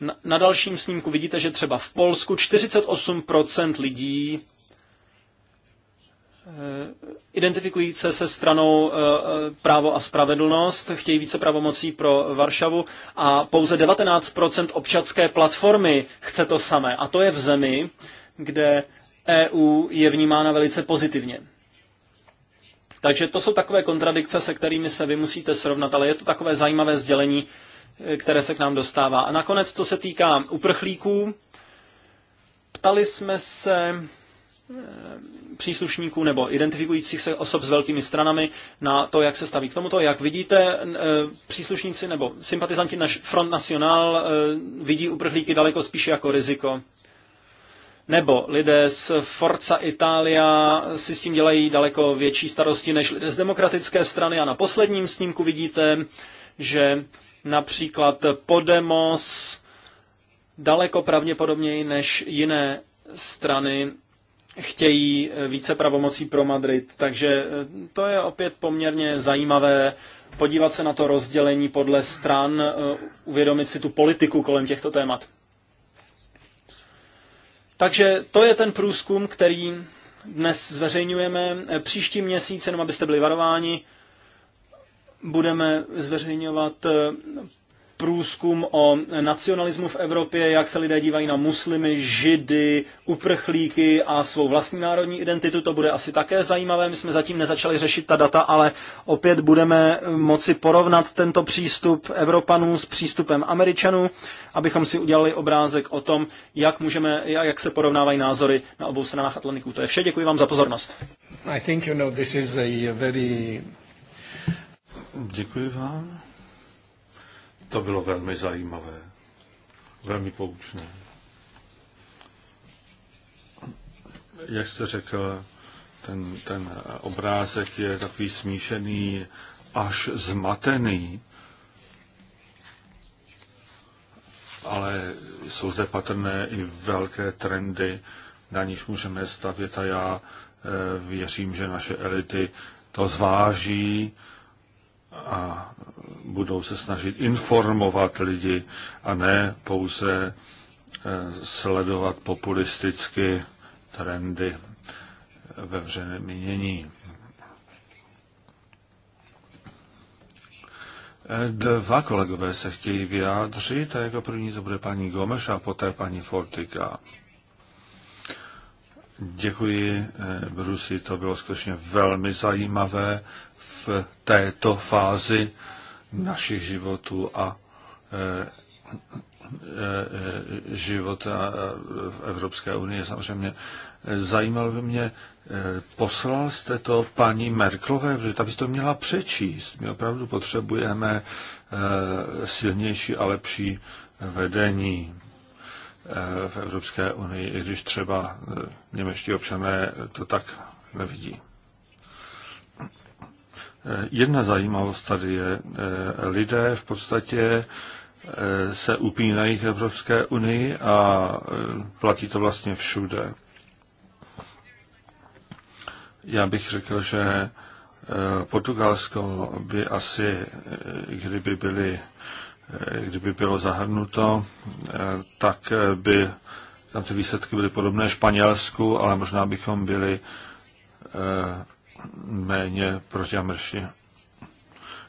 Na, na dalším snímku vidíte, že třeba v Polsku 48% lidí Eh, identifikují se se stranou eh, eh, právo a spravedlnost, chtějí více pravomocí pro Varšavu a pouze 19% občanské platformy chce to samé. A to je v zemi, kde EU je vnímána velice pozitivně. Takže to jsou takové kontradikce, se kterými se vy musíte srovnat, ale je to takové zajímavé sdělení, které se k nám dostává. A nakonec, co se týká uprchlíků, ptali jsme se příslušníků nebo identifikujících se osob s velkými stranami na to, jak se staví k tomuto. Jak vidíte, e, příslušníci nebo sympatizanti naš Front National e, vidí uprchlíky daleko spíše jako riziko. Nebo lidé z Forza Italia si s tím dělají daleko větší starosti než lidé z demokratické strany. A na posledním snímku vidíte, že například Podemos daleko pravděpodobněji než jiné strany chtějí eh, více pravomocí pro Madrid. Takže eh, to je opět poměrně zajímavé podívat se na to rozdělení podle stran, eh, uvědomit si tu politiku kolem těchto témat. Takže to je ten průzkum, který dnes zveřejňujeme. Příští měsíc, jenom abyste byli varováni, budeme zveřejňovat průzkum o nacionalismu v Evropě, jak se lidé dívají na muslimy, židy, uprchlíky a svou vlastní národní identitu. To bude asi také zajímavé. My jsme zatím nezačali řešit ta data, ale opět budeme moci porovnat tento přístup Evropanů s přístupem Američanů, abychom si udělali obrázek o tom, jak, můžeme, jak se porovnávají názory na obou stranách Atlantiku. To je vše. Děkuji vám za pozornost. I think you know, this is a very... Děkuji vám. To bylo velmi zajímavé, velmi poučné. Jak jste řekl, ten, ten obrázek je takový smíšený, až zmatený, ale jsou zde patrné i velké trendy, na níž můžeme stavět a já eh, věřím, že naše elity to zváží a budou se snažit informovat lidi a ne pouze eh, sledovat populisticky trendy ve veřejném mínění. Eh, dva kolegové se chtějí vyjádřit a jako první to bude paní Gomeš a poté paní Fortika. Děkuji, eh, Brusi, to bylo skutečně velmi zajímavé v této fázi našich životů a e, e, e, života v Evropské unii samozřejmě. Zajímalo by mě, poslal jste to paní Merklové, protože ta byste to měla přečíst. My opravdu potřebujeme silnější a lepší vedení v Evropské unii, i když třeba němečtí občané to tak nevidí. Eh, jedna zajímavost tady je, eh, lidé v podstatě eh, se upínají k Evropské unii a platí to vlastně všude. Já bych řekl, že Portugalsko by asi, kdyby, byly, kdyby bylo zahrnuto, tak by tam ty výsledky byly podobné Španělsku, ale možná bychom byli méně protiameričtí.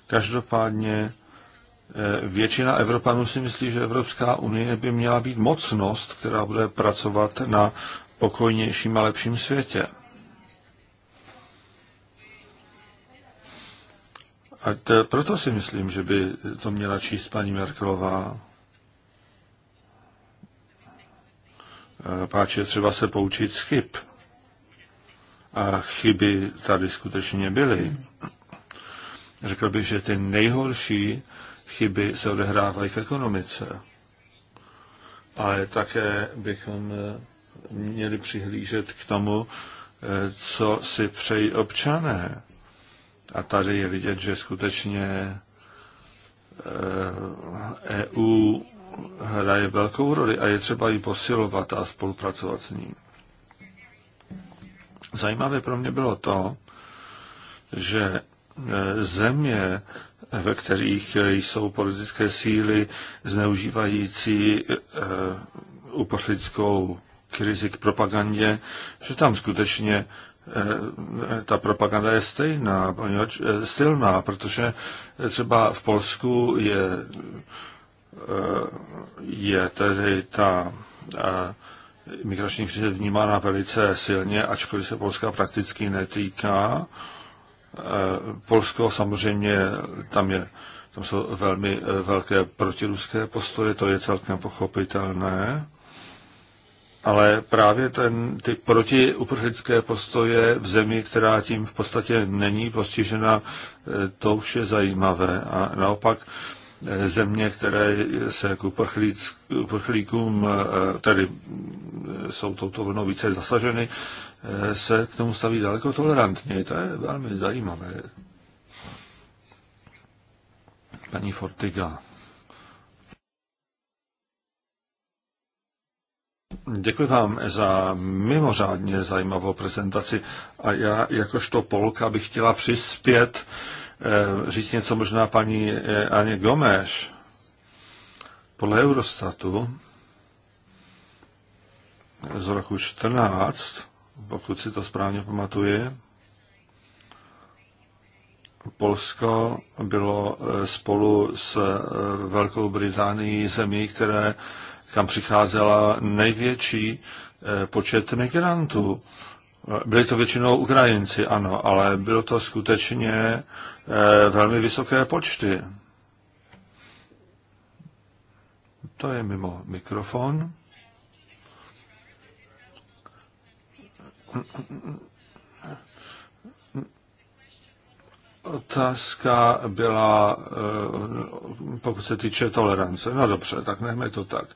Každopádně eh, většina Evropanů si myslí, že Evropská unie by měla být mocnost, která bude pracovat na pokojnějším a lepším světě. A to, proto si myslím, že by to měla číst paní Merkelová. Eh, páč je třeba se poučit z chyb a chyby tady skutečně byly. Řekl bych, že ty nejhorší chyby se odehrávají v ekonomice. Ale také bychom eh, měli přihlížet k tomu, eh, co si přejí občané. A tady je vidět, že skutečně EU eh, e hraje velkou roli a je třeba ji posilovat a spolupracovat s ním. Zajímavé pro mě bylo to, že e, země, ve kterých jsou politické síly zneužívající e, uprchlickou krizi k propagandě, že tam skutečně e, ta propaganda je stejná, poněvadž, silná, protože třeba v Polsku je, je tedy ta migrační krize vnímána velice silně, ačkoliv se Polska prakticky netýká. Eh, Polsko samozřejmě tam je tam jsou velmi eh, velké protiruské postoje, to je celkem pochopitelné. Ale právě ten, ty protiuprchlické postoje v zemi, která tím v podstatě není postižena, eh, to už je zajímavé. A naopak země, které se k uprchlíkům, eh, tedy eh, jsou touto vlnou více zasaženy, eh, se k tomu staví daleko tolerantně. To je velmi zajímavé. Paní Fortiga. Děkuji vám za mimořádně zajímavou prezentaci a já jakožto Polka bych chtěla přispět Eh, říct něco možná paní eh, Aně Gomeš. Podle Eurostatu z roku 14, pokud si to správně pamatuje, Polsko bylo eh, spolu s Velkou Británií zemí, které, kam přicházela největší počet migrantů. Byli to většinou Ukrajinci, ano, ale bylo to skutečně Eh, velmi vysoké počty. To je mimo mikrofon. Otázka byla, eh, pokud se týče tolerance. No dobře, tak nechme to tak.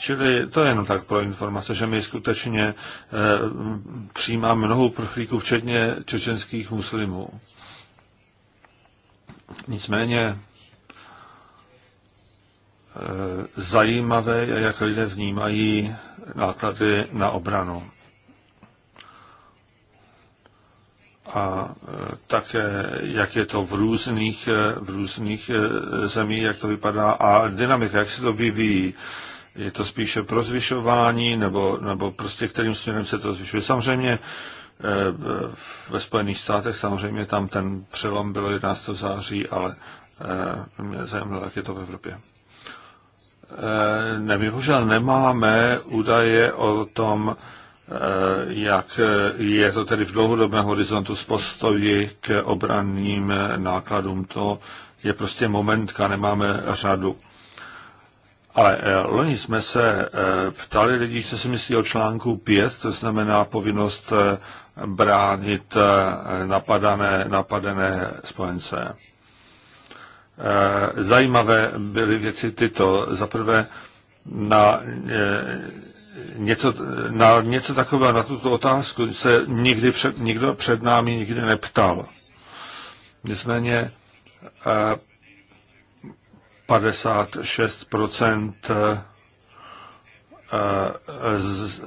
Čili to je jenom tak pro informace, že my skutečně e, přijímáme mnoho prchlíků, včetně čečenských muslimů. Nicméně e, zajímavé je, jak lidé vnímají náklady na obranu. a e, také, jak je to v různých, e, v různých e, zemích, jak to vypadá a dynamika, jak se to vyvíjí. Je to spíše pro zvyšování nebo, nebo prostě kterým směrem se to zvyšuje. Samozřejmě ve Spojených státech samozřejmě tam ten přelom byl 11. září, ale mě zajímalo, jak je to v Evropě. Ne, my bohužel nemáme údaje o tom, Eh, jak eh, je to tedy v dlouhodobém horizontu z postoji k obranným eh, nákladům. To je prostě momentka, nemáme řadu. Ale loni jsme se ptali lidí, co si myslí o článku 5, to znamená povinnost bránit napadané, napadené spojence. Zajímavé byly věci tyto. Za prvé, na něco, na něco takového, na tuto otázku se nikdy před, nikdo před námi nikdy neptal. Nicméně 56 eh, eh, z,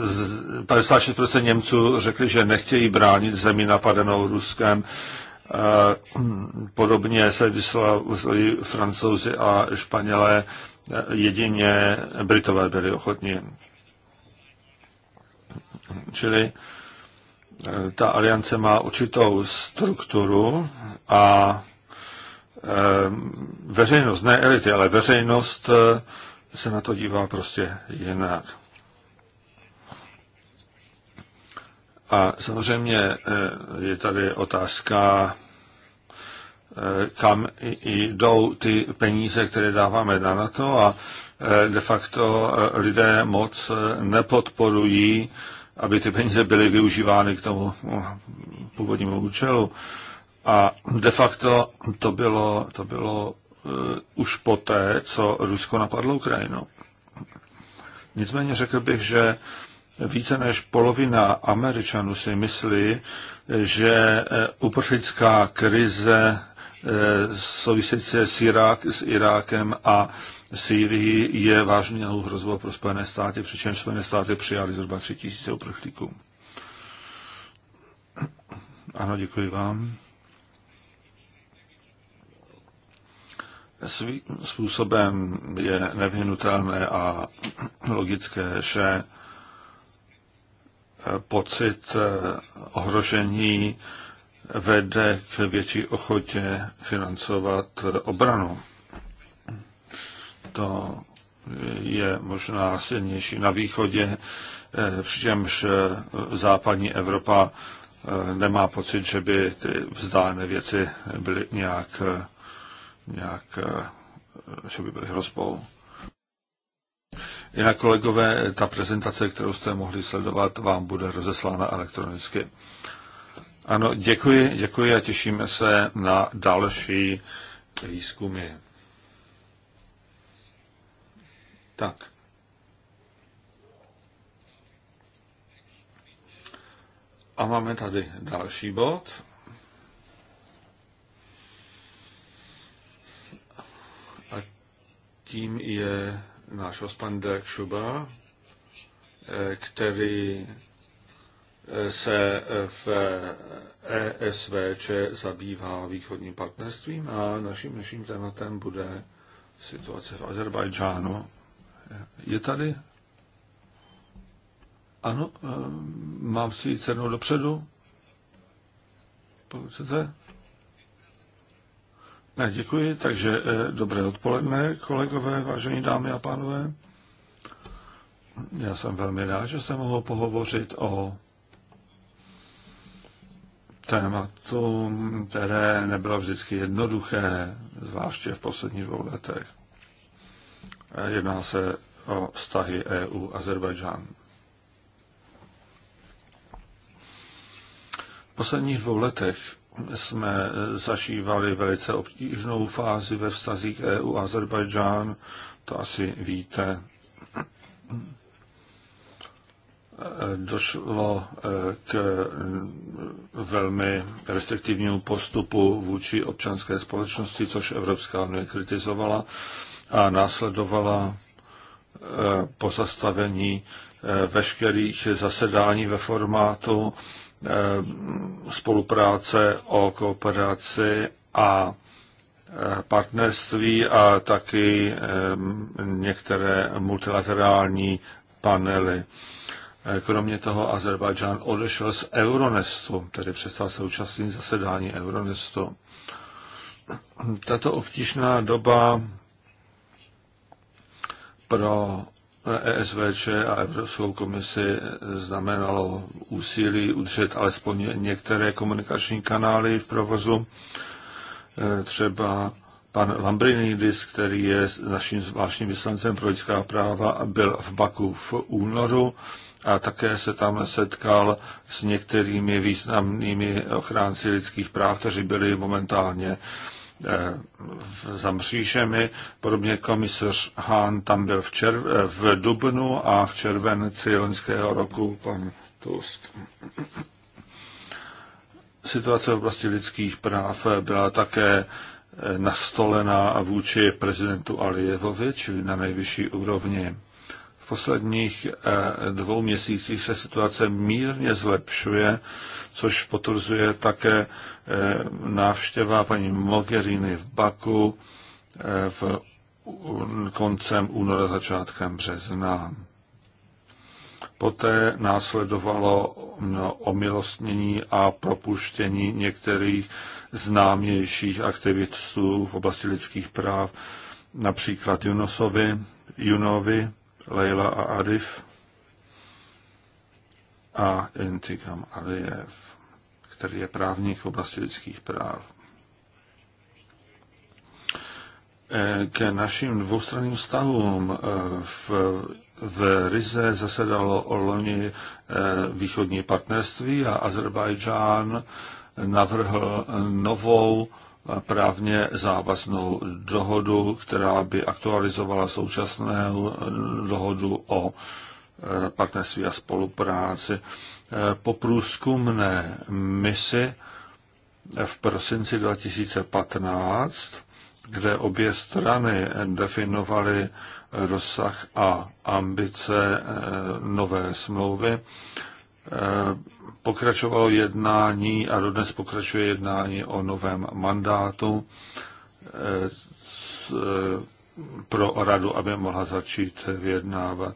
z, 56% Němců řekli, že nechtějí bránit zemi napadenou Ruskem. Eh, podobně se vyslali francouzi a Španělé jedině Britové byli ochotní. Čili eh, ta aliance má určitou strukturu a eh, veřejnost, ne elity, ale veřejnost eh, se na to dívá prostě jinak. A samozřejmě je tady otázka Eh, kam jdou ty peníze, které dáváme na NATO a eh, de facto eh, lidé moc nepodporují, aby ty peníze byly využívány k tomu původnímu účelu. A de facto to bylo, to bylo už poté, co Rusko napadlo Ukrajinu. Nicméně řekl bych, že více než polovina Američanů si myslí, že uprchlická krize Eh, související s, Irák, s Irákem a Sýrii je vážně hrozbou pro Spojené státy, přičemž Spojené státy přijali zhruba 3000 tisíce uprchlíků. Ano, děkuji vám. Svým způsobem je nevyhnutelné a logické, že eh, pocit eh, ohrožení vede k větší ochotě financovat obranu. To je možná silnější na východě, eh, přičemž eh, západní Evropa eh, nemá pocit, že by ty vzdálené věci byly nějak, nějak že by byly hrozbou. Jinak, kolegové, ta prezentace, kterou jste mohli sledovat, vám bude rozeslána elektronicky. Ano, děkuji, děkuji a těšíme se na další výzkumy. Tak. A máme tady další bod. A tím je náš ospandek Šuba, eh, který se v ESVČ zabývá východním partnerstvím a naším dnešním tématem bude situace v Azerbajdžánu. Je tady? Ano, ehm, mám si cenu dopředu? Pokud chcete? Ne, děkuji, takže eh, dobré odpoledne, kolegové, vážení dámy a pánové. Já jsem velmi rád, že jsem mohl pohovořit o tématu, které nebylo vždycky jednoduché, zvláště v posledních dvou letech. Jedná se o vztahy EU-Azerbajdžán. V posledních dvou letech jsme zažívali velice obtížnou fázi ve vztazích EU a Azerbajdžán, to asi víte došlo eh, k eh, velmi restriktivnímu postupu vůči občanské společnosti, což Evropská unie kritizovala a následovala eh, pozastavení veškerých zasedání ve formátu spolupráce o kooperaci a partnerství a taky některé multilaterální panely. Kromě toho Azerbajdžán odešel z Euronestu, tedy přestal se účastnit zasedání Euronestu. Tato obtížná doba pro ESVČ a Evropskou komisi znamenalo úsilí udržet alespoň některé komunikační kanály v provozu. E, třeba pan Lambrinidis, který je naším zvláštním vyslancem pro lidská práva, byl v Baku v únoru a také se tam setkal s některými významnými ochránci lidských práv, kteří byli momentálně eh, za mřížemi. Podobně komisař Hahn tam byl v, červ- eh, v Dubnu a v červenci loňského roku pan Tusk. Situace v oblasti lidských práv byla také eh, nastolená vůči prezidentu Alijevovi, čili na nejvyšší úrovni. V posledních eh, dvou měsících se situace mírně zlepšuje, což potvrzuje také eh, návštěva paní Mogherini v Baku eh, v koncem února, začátkem března. Poté následovalo no, omilostnění a propuštění některých známějších aktivistů v oblasti lidských práv, například Junosovi, Junovi, Leila a Adif a Intikam Aliyev, který je právník v oblasti lidských práv. E, ke našim dvoustranným vztahům e, v, v Rize zasedalo o loni e, východní partnerství a Azerbajdžán navrhl novou právně závaznou dohodu, která by aktualizovala současnou eh, dohodu o eh, partnerství a spolupráci. Eh, po průzkumné misi v prosinci 2015, kde obě strany definovaly rozsah a ambice nové smlouvy, pokračovalo jednání a dodnes pokračuje jednání o novém mandátu eh, eh, pro radu, aby mohla začít vyjednávat.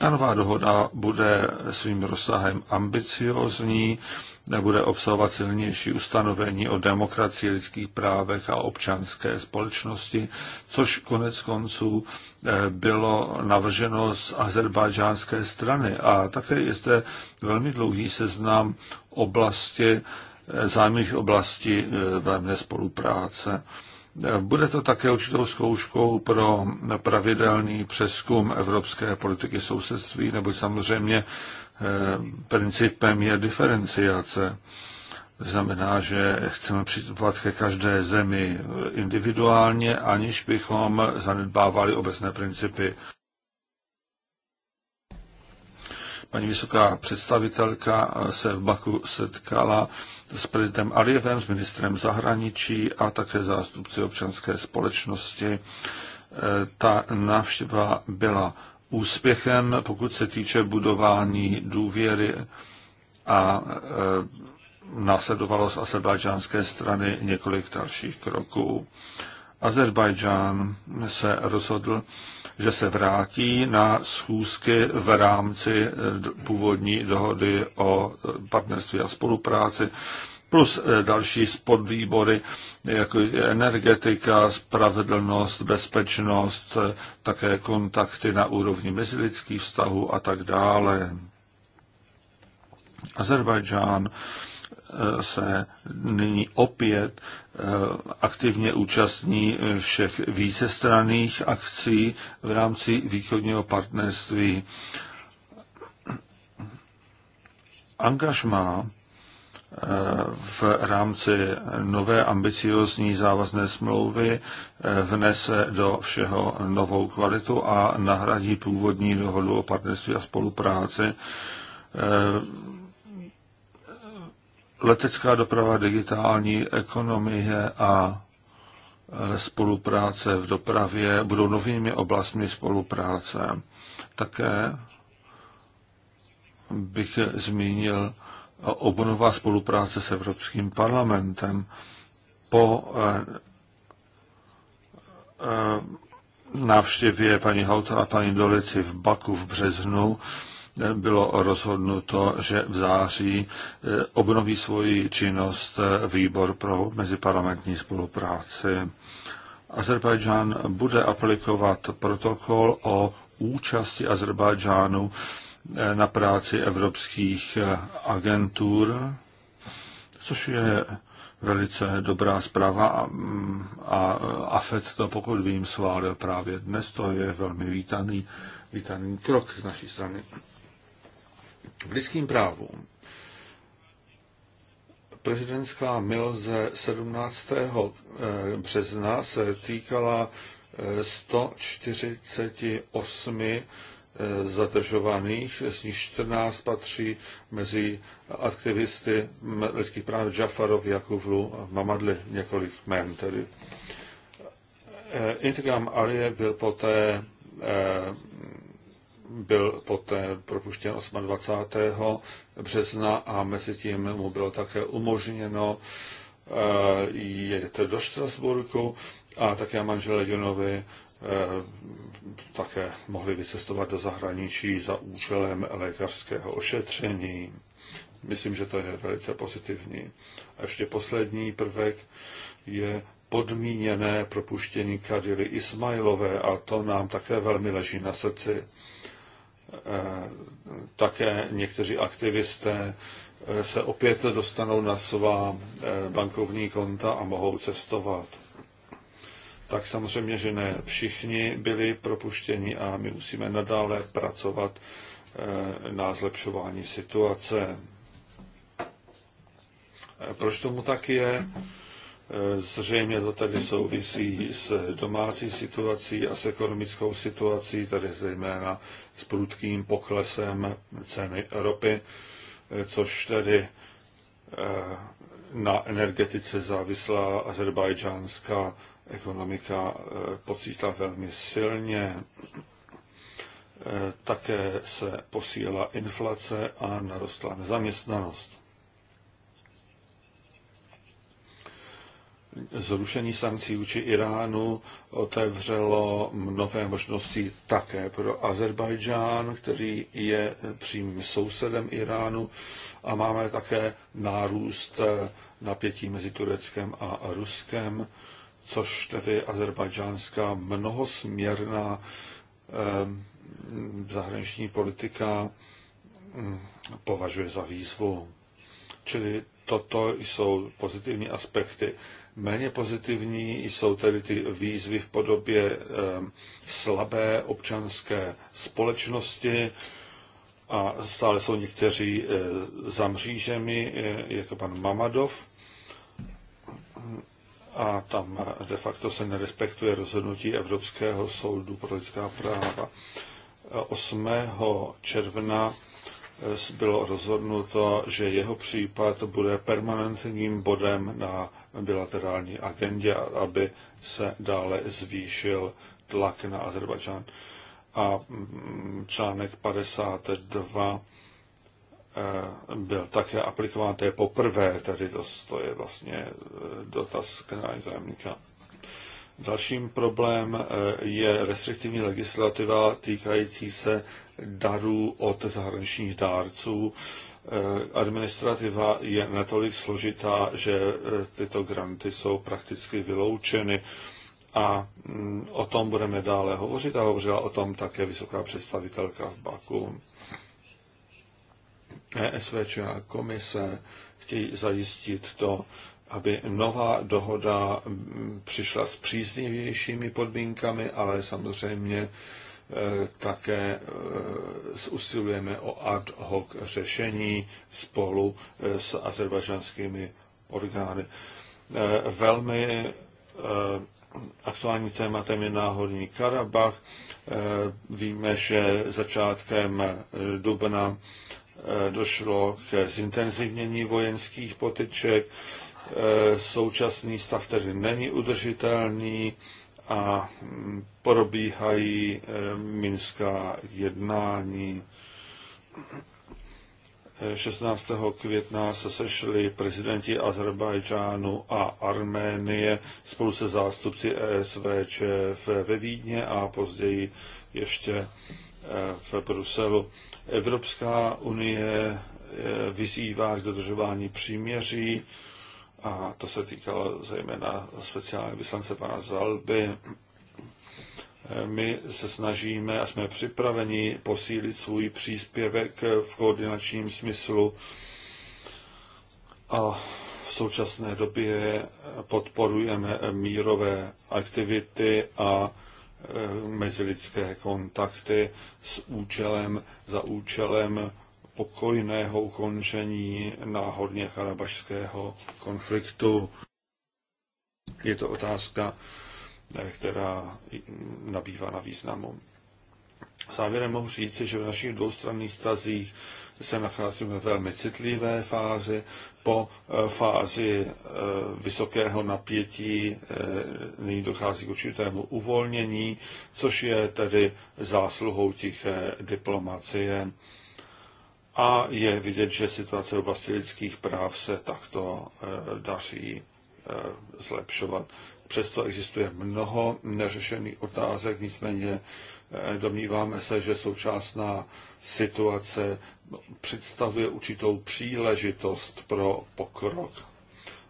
A nová dohoda bude svým rozsahem ambiciozní, bude obsahovat silnější ustanovení o demokracii, lidských právech a občanské společnosti, což konec konců eh, bylo navrženo z azerbajdžánské strany. A také je zde velmi dlouhý seznam oblasti, eh, zájemných oblasti eh, vzájemné spolupráce. Bude to také určitou zkouškou pro pravidelný přeskum evropské politiky sousedství, nebo samozřejmě Eh, principem je diferenciace. Znamená, že chceme přistupovat ke každé zemi individuálně, aniž bychom zanedbávali obecné principy. Paní vysoká představitelka se v Baku setkala s prezidentem Alievem, s ministrem zahraničí a také zástupci občanské společnosti. Eh, ta návštěva byla úspěchem, pokud se týče budování důvěry a e, následovalo z azerbajdžánské strany několik dalších kroků. Azerbajdžán se rozhodl, že se vrátí na schůzky v rámci e, původní dohody o e, partnerství a spolupráci, plus eh, další spodvýbory, jako energetika, spravedlnost, bezpečnost, eh, také kontakty na úrovni mezilidských vztahů a tak dále. Azerbajdžán eh, se nyní opět aktivně účastní všech vícestranných akcí v rámci východního partnerství. Angažma v rámci nové ambiciozní závazné smlouvy eh, vnese do všeho novou kvalitu a nahradí původní dohodu o partnerství a spolupráci. Eh, letecká doprava, digitální ekonomie a eh, spolupráce v dopravě budou novými oblastmi spolupráce. Také bych zmínil obnova spolupráce s Evropským parlamentem po eh, eh, návštěvě paní Hauta a paní Dolici v Baku v březnu eh, bylo rozhodnuto, že v září obnoví svoji činnost výbor pro meziparlamentní spolupráci. Azerbajdžán bude aplikovat protokol o účasti Azerbajdžánu Eh, na práci evropských eh, agentur, což je velice dobrá zpráva a, mm, a eh, AFED to, pokud vím, schválil právě dnes. To je velmi vítaný, vítaný krok z naší strany. V lidským právu prezidentská milze 17. března se týkala 148 Eh, zadržovaných, z nich 14 patří mezi aktivisty lidských práv Jafarov, Jakuvlu a Mamadli, několik jmen tedy. Eh, Intigram Aliyev byl poté eh, byl poté propuštěn 28. března a mezi tím mu bylo také umožněno jet do Štrasburku a také manžele Junovi Eh, také mohli vycestovat do zahraničí za účelem lékařského ošetření. Myslím, že to je velice pozitivní. A ještě poslední prvek je podmíněné propuštění Kadily Ismailové a to nám také velmi leží na srdci. Eh, také někteří aktivisté eh, se opět dostanou na svá bankovní konta a mohou cestovat tak samozřejmě, že ne všichni byli propuštěni a my musíme nadále pracovat eh, na zlepšování situace. Eh, proč tomu tak je? Eh, zřejmě to tedy souvisí s domácí situací a s ekonomickou situací, tedy zejména s prudkým poklesem ceny ropy, což tedy na energetice závislá azerbajdžánská ekonomika eh, pocítá velmi silně. Eh, také se posílila inflace a narostla nezaměstnanost. Zrušení sankcí vůči Iránu otevřelo mnohé možnosti také pro Azerbajdžán, který je přímým sousedem Iránu a máme také nárůst eh, napětí mezi Tureckem a Ruskem což tedy azerbajdžánská mnohosměrná eh, zahraniční politika hm, považuje za výzvu. Čili toto jsou pozitivní aspekty. Méně pozitivní jsou tedy ty výzvy v podobě eh, slabé občanské společnosti a stále jsou někteří eh, za mřížemi, jako pan Mamadov a tam de facto se nerespektuje rozhodnutí Evropského soudu pro lidská práva. 8. června eh, bylo rozhodnuto, že jeho případ bude permanentním bodem na bilaterální agendě, aby se dále zvýšil tlak na Azerbajdžán. A mm, článek 52 Eh, byl také aplikován, to je poprvé, tady to, to je vlastně eh, dotaz generální zájemníka. Dalším problém eh, je restriktivní legislativa týkající se darů od zahraničních dárců. Administrativa je natolik složitá, že tyto granty jsou prakticky vyloučeny a mm, o tom budeme dále hovořit a hovořila o tom také vysoká představitelka v Baku. ESVČ a komise chtějí zajistit to, aby nová dohoda přišla s příznivějšími podmínkami, ale samozřejmě e, také e, usilujeme o ad hoc řešení spolu e, s azerbajdžanskými orgány. Velmi aktuálním tématem je náhodní Karabach. Víme, že začátkem dubna Eh, došlo k zintenzivnění vojenských potyček, eh, současný stav tedy není udržitelný a mm, probíhají eh, minská jednání. 16. května se sešli prezidenti Azerbajdžánu a Arménie spolu se zástupci ESVČ ve Vídně a později ještě v Bruselu. Evropská unie eh, vyzývá k dodržování příměří a to se týkalo zejména speciální vyslance pana Zalby. Eh, my se snažíme a jsme připraveni posílit svůj příspěvek v koordinačním smyslu a v současné době podporujeme mírové aktivity a Eh, mezilidské kontakty s účelem, za účelem pokojného ukončení náhodně karabašského konfliktu. Je to otázka, eh, která nabývá na významu. Závěrem mohu říci, že v našich dvoustranných stazích se nacházíme ve velmi citlivé fázi. Po e, fázi e, vysokého napětí e, nyní dochází k určitému uvolnění, což je tedy zásluhou tiché diplomacie. A je vidět, že situace v oblasti lidských práv se takto daří zlepšovat. Přesto existuje mnoho neřešených otázek, nicméně domníváme se, že současná situace představuje určitou příležitost pro pokrok.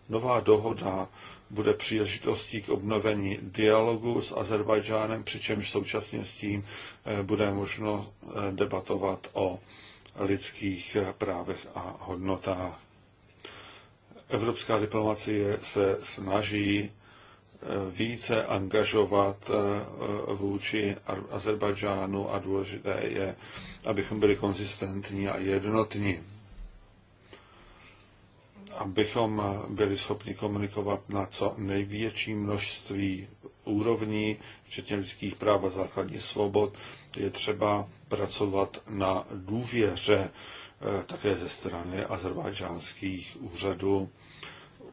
Nová dohoda bude příležitostí k obnovení dialogu s Azerbajdžánem, přičemž současně s tím eh, bude možno eh, debatovat o lidských eh, právech a hodnotách. Evropská diplomacie se snaží více angažovat eh, vůči Azerbajdžánu a důležité je, abychom byli konzistentní a jednotní. Abychom byli schopni komunikovat na co největší množství úrovní, včetně lidských práv a základních svobod, je třeba pracovat na důvěře eh, také ze strany azerbajdžánských úřadů.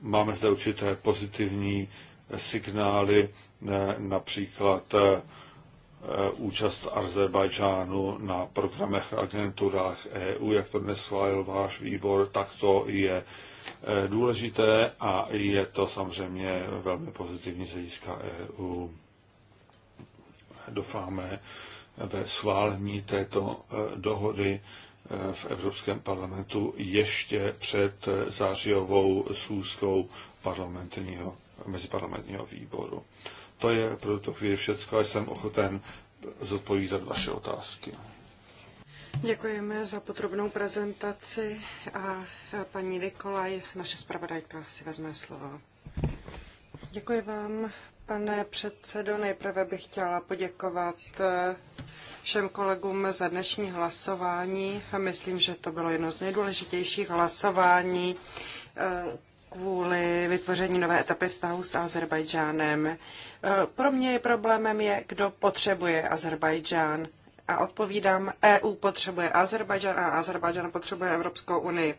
Máme zde určité pozitivní signály, například eh, účast Azerbajdžánu na programech a agenturách EU, jak to dnes schválil váš výbor, tak to je eh, důležité a je to samozřejmě velmi pozitivní z hlediska EU. Doufáme ve schválení této eh, dohody v Evropském parlamentu ještě před zářijovou schůzkou parlamentního meziparlamentního výboru. To je pro tuto chvíli všechno a jsem ochoten zodpovídat vaše otázky. Děkujeme za podrobnou prezentaci a paní Nikolaj, naše zpravodajka, si vezme slovo. Děkuji vám, pane předsedo. Nejprve bych chtěla poděkovat eh, všem kolegům za dnešní hlasování. Myslím, že to bylo jedno z nejdůležitějších hlasování eh, kvůli vytvoření nové etapy vztahu s Azerbajdžánem. E, pro mě je problémem je, kdo potřebuje Azerbajdžán. A odpovídám, EU potřebuje Azerbajdžán a Azerbajdžán potřebuje Evropskou unii.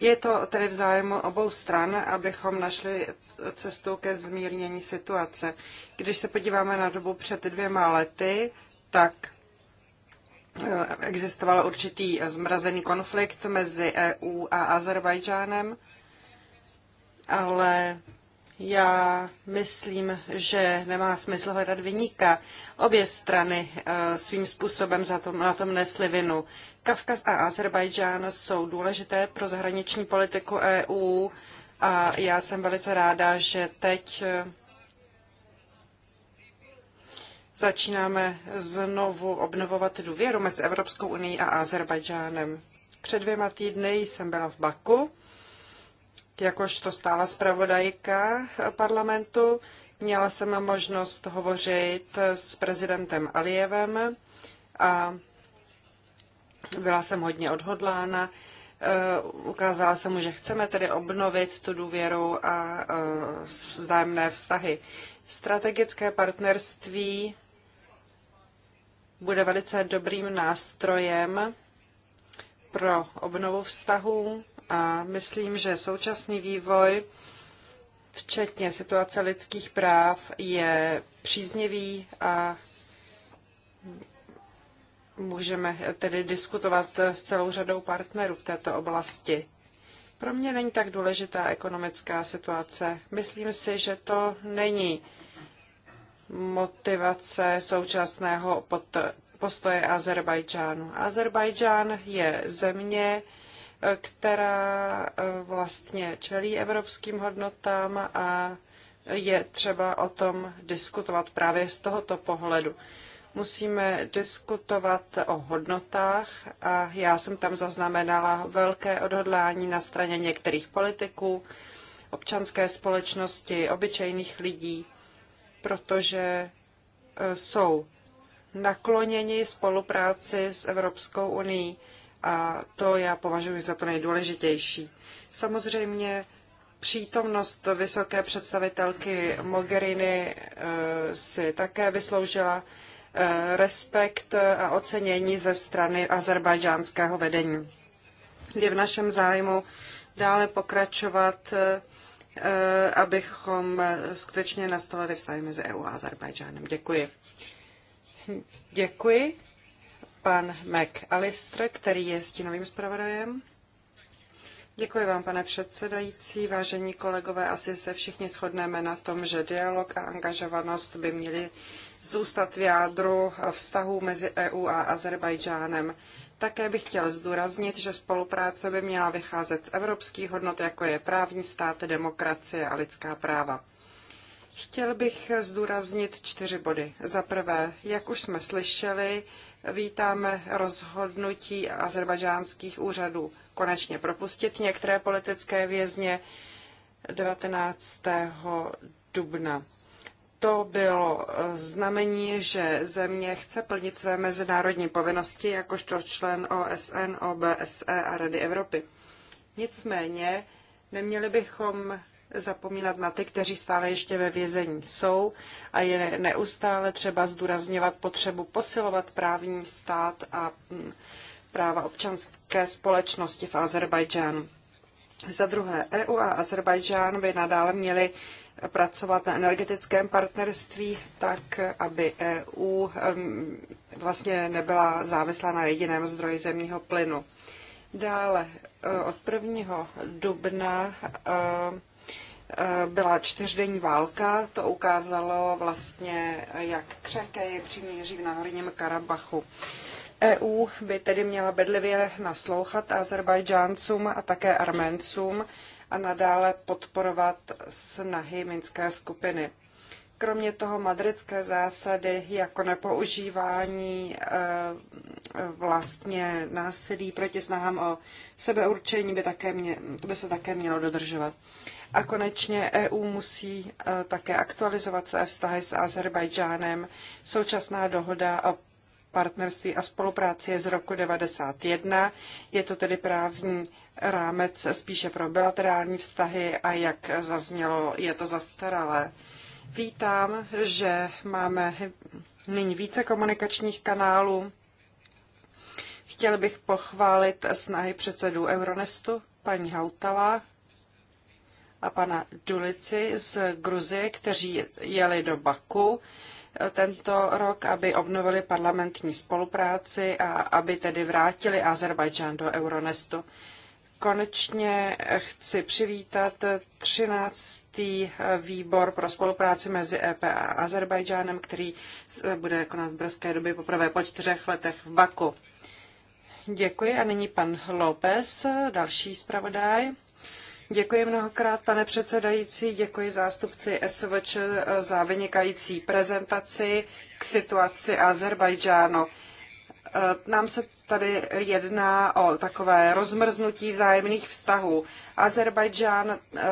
Je to tedy v zájmu obou stran, abychom našli cestu ke zmírnění situace. Když se podíváme na dobu před dvěma lety, tak e, existoval určitý zmrazený konflikt mezi EU a Azerbajdžánem ale já myslím, že nemá smysl hledat vyníka. Obě strany eh, svým způsobem za tom, na tom nesly vinu. Kavkaz a Azerbajdžán jsou důležité pro zahraniční politiku EU a já jsem velice ráda, že teď eh, začínáme znovu obnovovat důvěru mezi Evropskou unii a Azerbajdžánem. Před dvěma týdny jsem byla v Baku jakožto stála zpravodajka parlamentu. Měla jsem možnost hovořit s prezidentem Alijevem a byla jsem hodně odhodlána. Eh, ukázala se mu, že chceme tedy obnovit tu důvěru a eh, vzájemné vztahy. Strategické partnerství bude velice dobrým nástrojem pro obnovu vztahů a myslím, že současný vývoj, včetně situace lidských práv, je příznivý a můžeme tedy diskutovat s celou řadou partnerů v této oblasti. Pro mě není tak důležitá ekonomická situace. Myslím si, že to není motivace současného postoje Azerbajdžánu. Azerbajdžán je země, která e, vlastně čelí evropským hodnotám a je třeba o tom diskutovat právě z tohoto pohledu. Musíme diskutovat o hodnotách a já jsem tam zaznamenala velké odhodlání na straně některých politiků, občanské společnosti, obyčejných lidí, protože e, jsou nakloněni spolupráci s Evropskou unii a to já považuji za to nejdůležitější. Samozřejmě přítomnost vysoké představitelky Mogherini eh, si také vysloužila eh, respekt a ocenění ze strany azerbajdžánského vedení. Je v našem zájmu dále pokračovat, eh, abychom skutečně nastolili vztahy mezi EU a Azerbajdžánem. Děkuji. Děkuji pan McAllister, který je stínovým zpravodajem. Děkuji vám, pane předsedající. Vážení kolegové, asi se všichni shodneme na tom, že dialog a angažovanost by měly zůstat v jádru vztahů mezi EU a Azerbajdžánem. Také bych chtěl zdůraznit, že spolupráce by měla vycházet z evropských hodnot, jako je právní stát, demokracie a lidská práva. Chtěl bych zdůraznit čtyři body. Za prvé, jak už jsme slyšeli, vítáme rozhodnutí azerbajdžánských úřadů konečně propustit některé politické vězně 19. dubna. To bylo eh, znamení, že země chce plnit své mezinárodní povinnosti jakožto člen OSN, OBSE a Rady Evropy. Nicméně neměli bychom zapomínat na ty, kteří stále ještě ve vězení jsou a je neustále třeba zdůrazňovat potřebu posilovat právní stát a mm, práva občanské společnosti v Azerbajdžánu. Za druhé, EU a Azerbajdžán by nadále měli pracovat na energetickém partnerství tak, aby EU mm, vlastně nebyla závislá na jediném zdroji zemního plynu. Dále e, od 1. dubna e, Eh, byla čtyřdenní válka. To ukázalo vlastně, eh, jak křehké je příměří v Náhorním Karabachu. EU by tedy měla bedlivě naslouchat Azerbajdžáncům a také Arméncům a nadále podporovat snahy Minské skupiny. Kromě toho madridské zásady jako nepoužívání eh, vlastně násilí proti snahám o sebeurčení by, také mě, to by se také mělo dodržovat. A konečně EU musí eh, také aktualizovat své vztahy s Azerbajdžánem. Současná dohoda o partnerství a spolupráci je z roku 1991. Je to tedy právní rámec spíše pro bilaterální vztahy a jak zaznělo, je to zastaralé. Vítám, že máme nyní více komunikačních kanálů. Chtěl bych pochválit snahy předsedů Euronestu, paní Hautala a pana Dulici z Gruzie, kteří jeli do Baku tento rok, aby obnovili parlamentní spolupráci a aby tedy vrátili Azerbajdžán do Euronestu konečně chci přivítat 13. výbor pro spolupráci mezi EP a Azerbajdžánem, který bude konat v brzké době poprvé po čtyřech letech v Baku. Děkuji a nyní pan López, další zpravodaj. Děkuji mnohokrát, pane předsedající, děkuji zástupci SVČ za vynikající prezentaci k situaci Azerbajdžánu. Eh, nám se tady jedná o takové rozmrznutí vzájemných vztahů. Azerbajdžán, eh,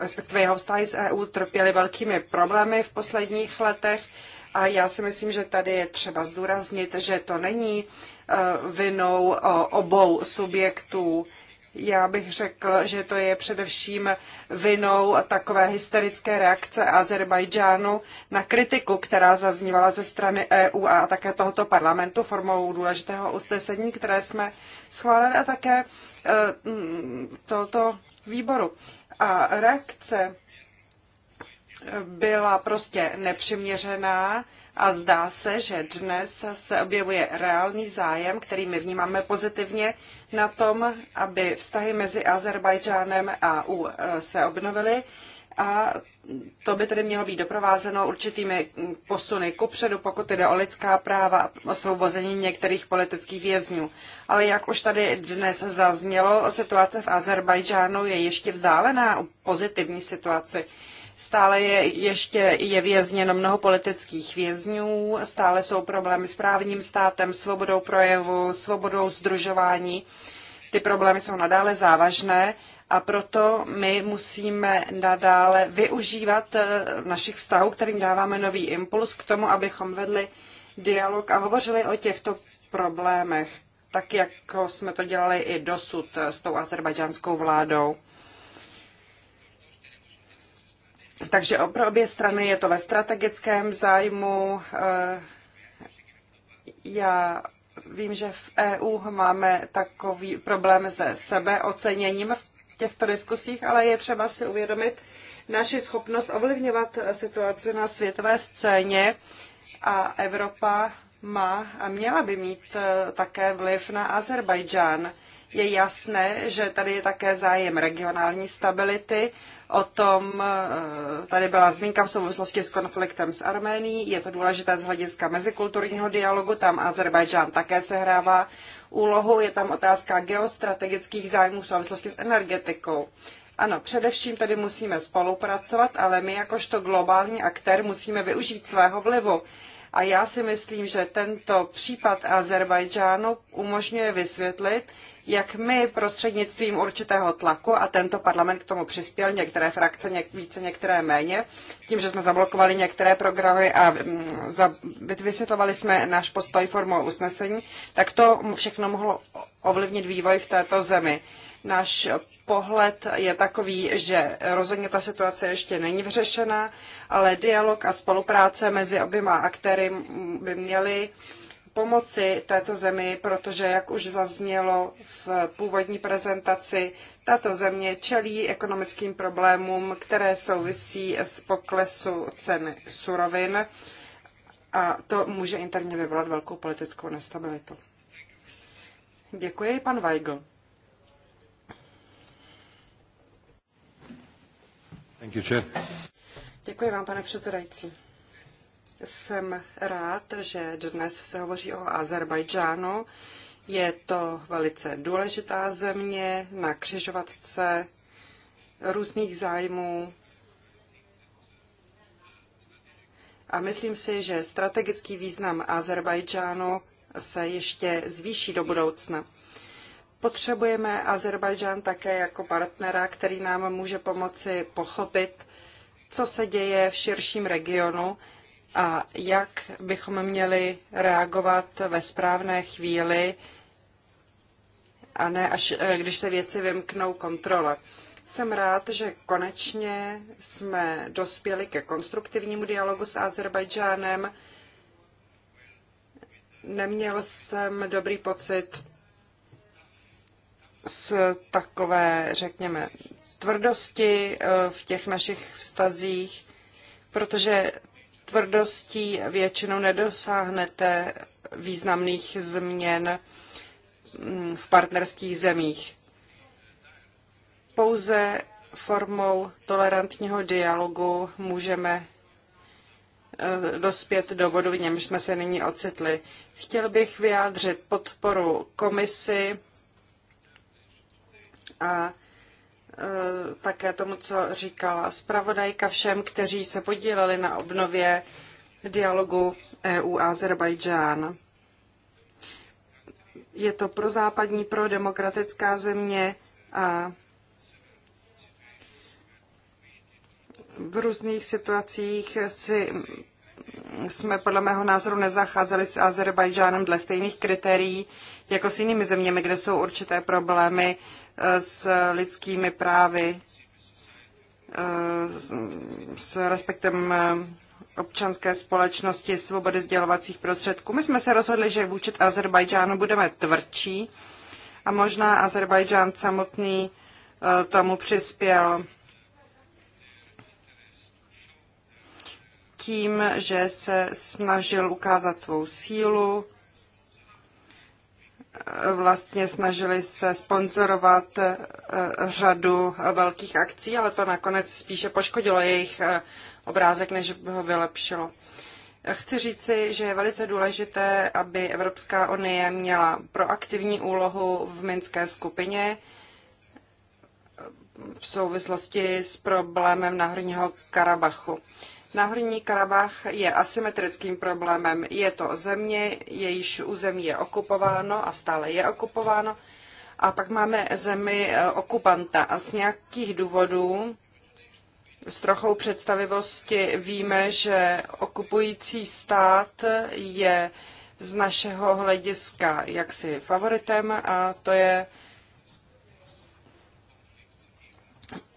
respektive jeho vztahy s EU, trpěly velkými problémy v posledních letech a já si myslím, že tady je třeba zdůraznit, že to není eh, vinou obou subjektů já bych řekl, že to je především vinou takové hysterické reakce Azerbajdžánu na kritiku, která zaznívala ze strany EU a také tohoto parlamentu formou důležitého usnesení, které jsme schválili a také e, mm, tohoto výboru. A reakce byla prostě nepřiměřená a zdá se, že dnes se objevuje reálný zájem, který my vnímáme pozitivně na tom, aby vztahy mezi Azerbajdžánem a EU eh, se obnovily a to by tedy mělo být doprovázeno určitými posuny kupředu, pokud jde o lidská práva a osvobození některých politických vězňů. Ale jak už tady dnes zaznělo, situace v Azerbajdžánu je ještě vzdálená pozitivní situaci. Stále je, ještě je vězněno mnoho politických vězňů, stále jsou problémy s právním státem, svobodou projevu, svobodou združování. Ty problémy jsou nadále závažné a proto my musíme nadále využívat eh, našich vztahů, kterým dáváme nový impuls k tomu, abychom vedli dialog a hovořili o těchto problémech, tak jako jsme to dělali i dosud s tou azerbajdžánskou vládou. Takže pro obě strany je to ve strategickém zájmu. Eh, já vím, že v EU máme takový problém se sebeoceněním v těchto diskusích, ale je třeba si uvědomit naši schopnost ovlivňovat situaci na světové scéně a Evropa má a měla by mít eh, také vliv na Azerbajdžán. Je jasné, že tady je také zájem regionální stability O tom eh, tady byla zmínka v souvislosti s konfliktem s Arménií. Je to důležité z hlediska mezikulturního dialogu. Tam Azerbajdžán také sehrává úlohu. Je tam otázka geostrategických zájmů v souvislosti s energetikou. Ano, především tady musíme spolupracovat, ale my jakožto globální aktér musíme využít svého vlivu. A já si myslím, že tento případ Azerbajdžánu umožňuje vysvětlit, jak my prostřednictvím určitého tlaku, a tento parlament k tomu přispěl, některé frakce něk, více, některé méně, tím, že jsme zablokovali některé programy a mm, za, vysvětlovali jsme náš postoj formou usnesení, tak to všechno mohlo ovlivnit vývoj v této zemi. Náš pohled je takový, že rozhodně ta situace ještě není vyřešena, ale dialog a spolupráce mezi oběma aktéry by měly uh, pomoci této zemi, protože, jak už zaznělo v původní prezentaci, tato země čelí ekonomickým problémům, které souvisí s poklesu cen surovin a to může interně vyvolat velkou politickou nestabilitu. Děkuji, pan Weigl. Děkuji vám, pane předsedající. Jsem rád, že dnes se hovoří o Azerbajdžánu. Je to velice důležitá země na křižovatce různých zájmů. A myslím si, že strategický význam Azerbajdžánu se ještě zvýší do budoucna. Potřebujeme Azerbajdžán také jako partnera, který nám může pomoci pochopit, co se děje v širším regionu a jak bychom měli reagovat ve správné chvíli a ne až eh, když se věci vymknou kontrole. Jsem rád, že konečně jsme dospěli ke konstruktivnímu dialogu s Azerbajdžánem. Neměl jsem dobrý pocit z takové, řekněme, tvrdosti eh, v těch našich vztazích, protože tvrdostí většinou nedosáhnete významných změn mm, v partnerských zemích. Pouze formou tolerantního dialogu můžeme eh, dospět do bodu, v němž jsme se nyní ocitli. Chtěl bych vyjádřit podporu komisi a Eh, také tomu, co říkala zpravodajka všem, kteří se podíleli na obnově dialogu EU a Azerbajdžán. Je to prozápadní, prodemokratická země a v různých situacích si jsme podle mého názoru nezacházeli s Azerbajdžánem dle stejných kritérií jako s jinými zeměmi, kde jsou určité problémy s lidskými právy, eh, s respektem eh, občanské společnosti, svobody sdělovacích prostředků. My jsme se rozhodli, že vůči Azerbajdžánu budeme tvrdší a možná Azerbajdžán samotný eh, tomu přispěl tím, že se snažil ukázat svou sílu, vlastně snažili se sponzorovat eh, řadu velkých akcí, ale to nakonec spíše poškodilo jejich eh, obrázek, než by ho vylepšilo. Chci říci, že je velice důležité, aby Evropská unie měla proaktivní úlohu v minské skupině v souvislosti s problémem Náhorního Karabachu. Náhorní Karabach je asymetrickým problémem. Je to země, jejíž území je okupováno a stále je okupováno. A pak máme zemi eh, okupanta a z nějakých důvodů s trochou představivosti víme, že okupující stát je z našeho hlediska jaksi favoritem a to je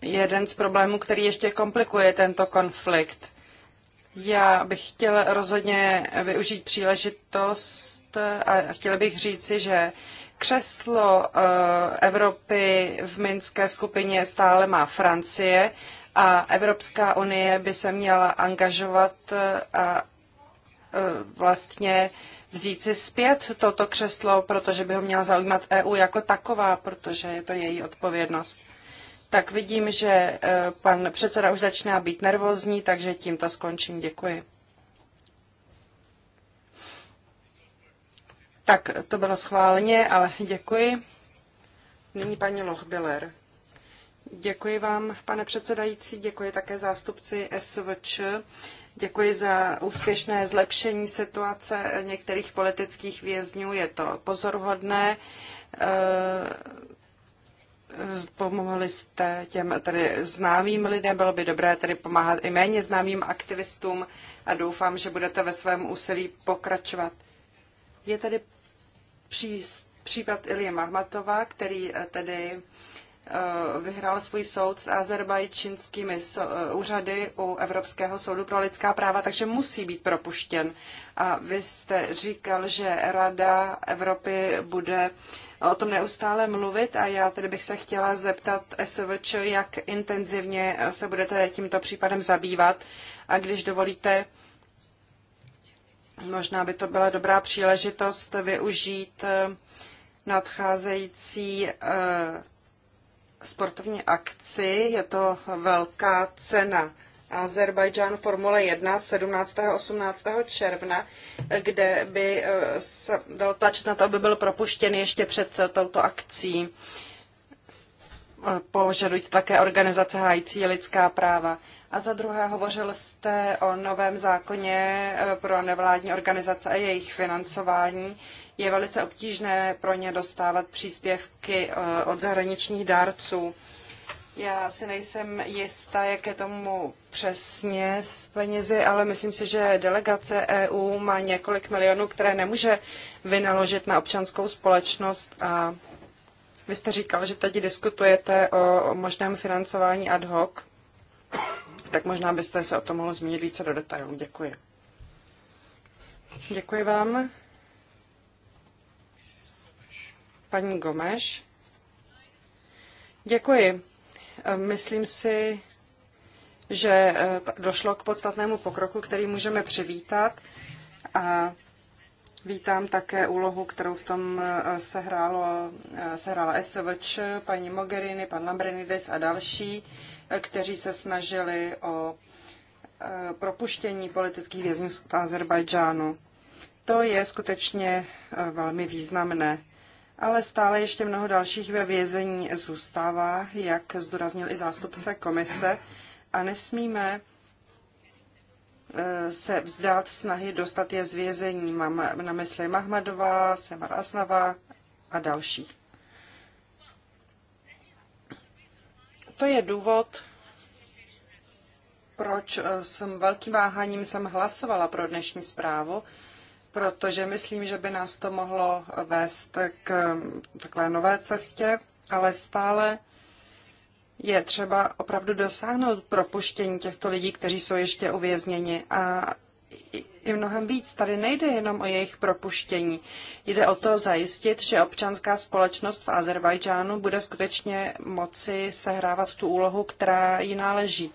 jeden z problémů, který ještě komplikuje tento konflikt. Já bych chtěla rozhodně využít příležitost a chtěla bych říci, že křeslo eh, Evropy v minské skupině stále má Francie a Evropská unie by se měla angažovat eh, a eh, vlastně vzít si zpět toto křeslo, protože by ho měla zaujímat EU jako taková, protože je to její odpovědnost. Tak vidím, že eh, pan předseda už začíná být nervózní, takže tímto skončím. Děkuji. Tak to bylo schválně, ale děkuji. Nyní paní Lochbiller. Děkuji vám, pane předsedající, děkuji také zástupci SVČ. Děkuji za úspěšné zlepšení situace některých politických vězňů. Je to pozoruhodné eh, Pomohli jste těm tady známým lidem, bylo by dobré tady pomáhat i méně známým aktivistům a doufám, že budete ve svém úsilí pokračovat. Je tady pří, případ Ilie Mahmatova, který eh, tedy eh, vyhrál svůj soud s azerbajčinskými eh, úřady u Evropského soudu pro lidská práva, takže musí být propuštěn. A vy jste říkal, že Rada Evropy bude uh, o tom neustále mluvit a já tedy bych se chtěla zeptat SVČ, jak intenzivně se budete tímto případem zabývat a když dovolíte, možná by to byla dobrá příležitost využít eh, nadcházející eh, sportovní akci. Je to velká cena Azerbajdžán Formule 1 17. a 18. června, kde by eh, se dal tlač na to, aby byl propuštěn ještě před touto akcí. Eh, požadují také organizace hájící lidská práva. A za druhé hovořil jste o novém zákoně eh, pro nevládní organizace a jejich financování. Je velice obtížné pro ně dostávat příspěvky od zahraničních dárců. Já si nejsem jistá, jak je tomu přesně s penězi, ale myslím si, že delegace EU má několik milionů, které nemůže vynaložit na občanskou společnost a vy jste říkal, že teď diskutujete o možném financování ad hoc, tak možná byste se o tom mohl zmínit více do detailů. Děkuji. Děkuji vám. Paní Gomeš. Děkuji. Myslím si, že eh, došlo k podstatnému pokroku, který můžeme přivítat. A vítám také úlohu, kterou v tom eh, sehrálo, eh, sehrála SVČ, paní Mogherini, pan Lambrinides a další, kteří se snažili o propuštění politických vězňů v Azerbajdžánu. To je skutečně velmi významné ale stále ještě mnoho dalších ve vězení zůstává, jak zdůraznil i zástupce komise, a nesmíme e, se vzdát snahy dostat je z vězení. Mám na mysli Mahmadová, Semar Asnava a další. To je důvod, proč jsem e, velkým váháním jsem hlasovala pro dnešní zprávu, protože myslím, že by nás to mohlo vést k mm, takové nové cestě, ale stále je třeba opravdu dosáhnout propuštění těchto lidí, kteří jsou ještě uvězněni. A i mnohem víc. Tady nejde jenom o jejich propuštění. Jde o to zajistit, že občanská společnost v Azerbajdžánu bude skutečně moci sehrávat tu úlohu, která jí náleží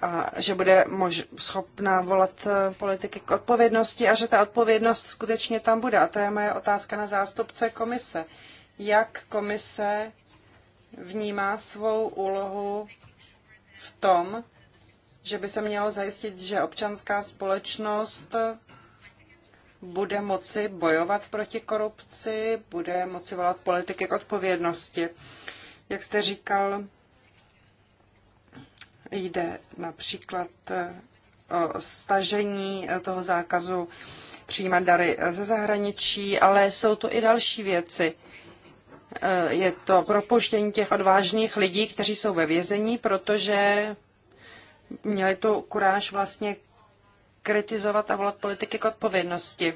a že bude mož, schopná volat eh, politiky k odpovědnosti a že ta odpovědnost skutečně tam bude. A to je moje otázka na zástupce komise. Jak komise vnímá svou úlohu v tom, že by se mělo zajistit, že občanská společnost bude moci bojovat proti korupci, bude moci volat politiky k odpovědnosti. Jak jste říkal, Jde například eh, o stažení eh, toho zákazu přijímat dary eh, ze zahraničí, ale jsou to i další věci. Je to propuštění těch odvážných lidí, kteří jsou ve vězení, protože měli tu kuráž vlastně kritizovat a volat politiky k odpovědnosti.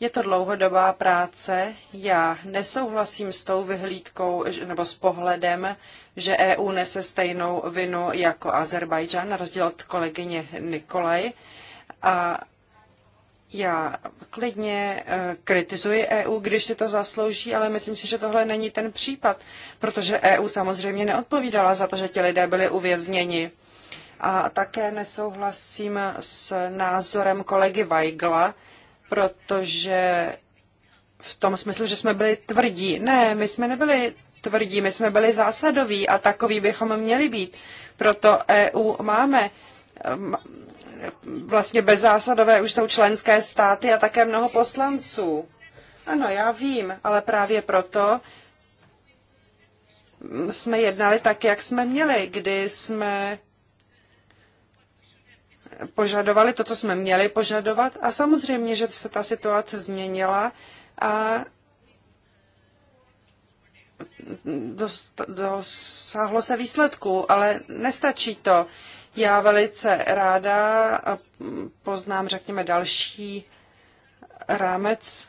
Je to dlouhodobá práce. Já nesouhlasím s tou vyhlídkou nebo s pohledem, že EU nese stejnou vinu jako Azerbajdžan, na rozdíl od kolegyně Nikolaj. A já klidně eh, kritizuji EU, když si to zaslouží, ale myslím si, že tohle není ten případ, protože EU samozřejmě neodpovídala za to, že ti lidé byli uvězněni. A také nesouhlasím s názorem kolegy Weigla, protože v tom smyslu, že jsme byli tvrdí. Ne, my jsme nebyli tvrdí, my jsme byli zásadoví a takový bychom měli být. Proto EU máme um, vlastně bezzásadové už jsou členské státy a také mnoho poslanců. Ano, já vím, ale právě proto jsme jednali tak, jak jsme měli, kdy jsme požadovali to, co jsme měli požadovat a samozřejmě, že se ta situace změnila a dosáhlo se výsledků, ale nestačí to. Já velice ráda poznám, řekněme, další rámec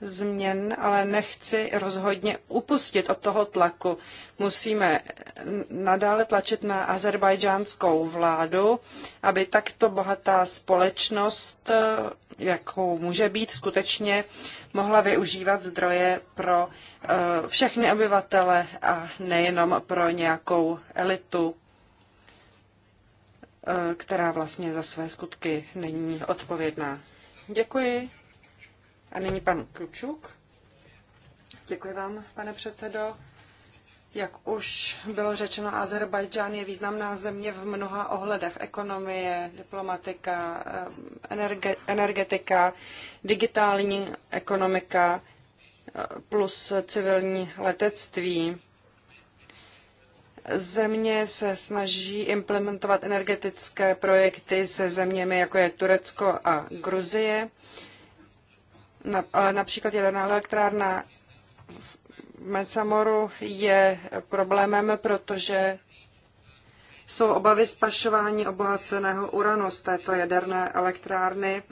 změn, ale nechci rozhodně upustit od toho tlaku. Musíme nadále tlačit na azerbajdžánskou vládu, aby takto bohatá společnost, eh, jakou může být, skutečně mohla využívat zdroje pro eh, všechny obyvatele a nejenom pro nějakou elitu eh, která vlastně za své skutky není odpovědná. Děkuji. A nyní pan Klučuk. Děkuji vám, pane předsedo. Jak už bylo řečeno, Azerbajdžán je významná země v mnoha ohledech. Ekonomie, diplomatika, eh, energe, energetika, digitální ekonomika eh, plus civilní letectví. Země se snaží implementovat energetické projekty se zeměmi, jako je Turecko a Gruzie. Například jaderná elektrárna v Mensamoru je problémem, protože jsou obavy z pašování obohaceného uranu z této jaderné elektrárny.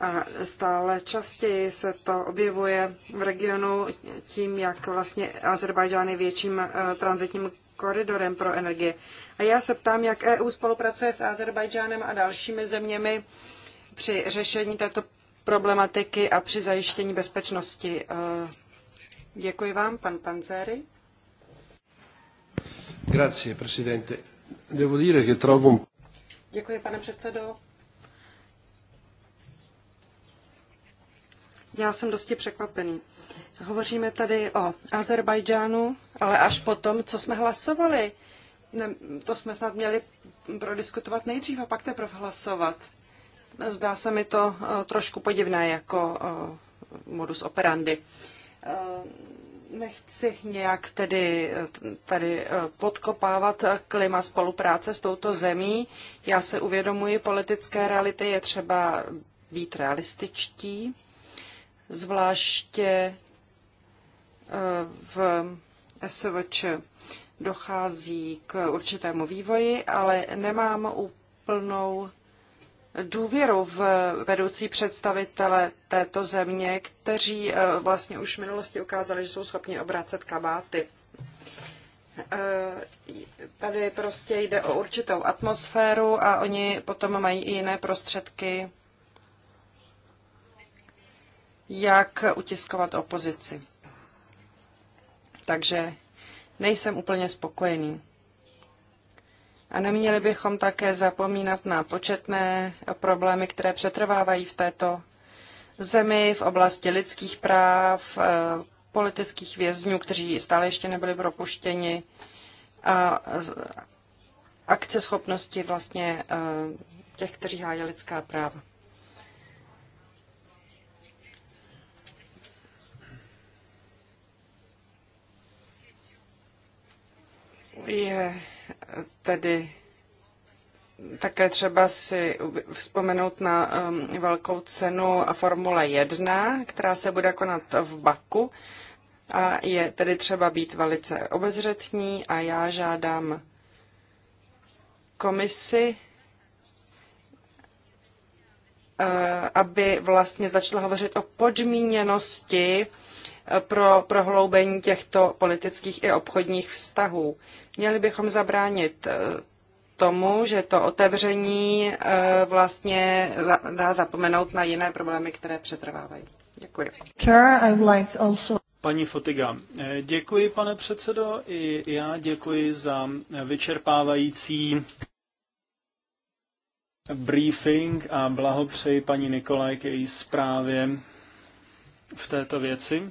A stále častěji se to objevuje v regionu tím, jak vlastně Azerbajdžán je větším eh, transitním koridorem pro energie. A já se ptám, jak EU spolupracuje s Azerbajdžánem a dalšími zeměmi při řešení této problematiky a při zajištění bezpečnosti. Eh, děkuji vám, pan Panzeri. Grazie, presidente. Devo dire che trovo Děkuji, pane předsedo. Já jsem dosti překvapený. Hovoříme tady o Azerbajdžánu, ale až po tom, co jsme hlasovali. Ne, to jsme snad měli prodiskutovat nejdřív a pak teprve hlasovat. Zdá se mi to eh, trošku podivné jako eh, modus operandi. Eh, nechci nějak tedy tady podkopávat klima spolupráce s touto zemí. Já se uvědomuji, politické reality je třeba být realističtí, zvláště v SVČ dochází k určitému vývoji, ale nemám úplnou důvěru v vedoucí představitele této země, kteří eh, vlastně už v minulosti ukázali, že jsou schopni obracet kabáty. Eh, tady prostě jde o určitou atmosféru a oni potom mají i jiné prostředky, jak utiskovat opozici. Takže nejsem úplně spokojený. A neměli bychom také zapomínat na početné problémy, které přetrvávají v této zemi v oblasti lidských práv, eh, politických vězňů, kteří stále ještě nebyli propuštěni a akceschopnosti vlastně eh, těch, kteří hájí lidská práva. Yeah tedy také třeba si vzpomenout na um, velkou cenu Formule 1, která se bude konat v Baku. A je tedy třeba být velice obezřetní a já žádám komisi, eh, aby vlastně začala hovořit o podmíněnosti pro prohloubení těchto politických i obchodních vztahů. Měli bychom zabránit eh, tomu, že to otevření eh, vlastně dá zapomenout na jiné problémy, které přetrvávají. Děkuji. Paní Fotiga, eh, děkuji, pane předsedo, i já děkuji za vyčerpávající briefing a blahopřeji paní Nikolaj k její zprávě v této věci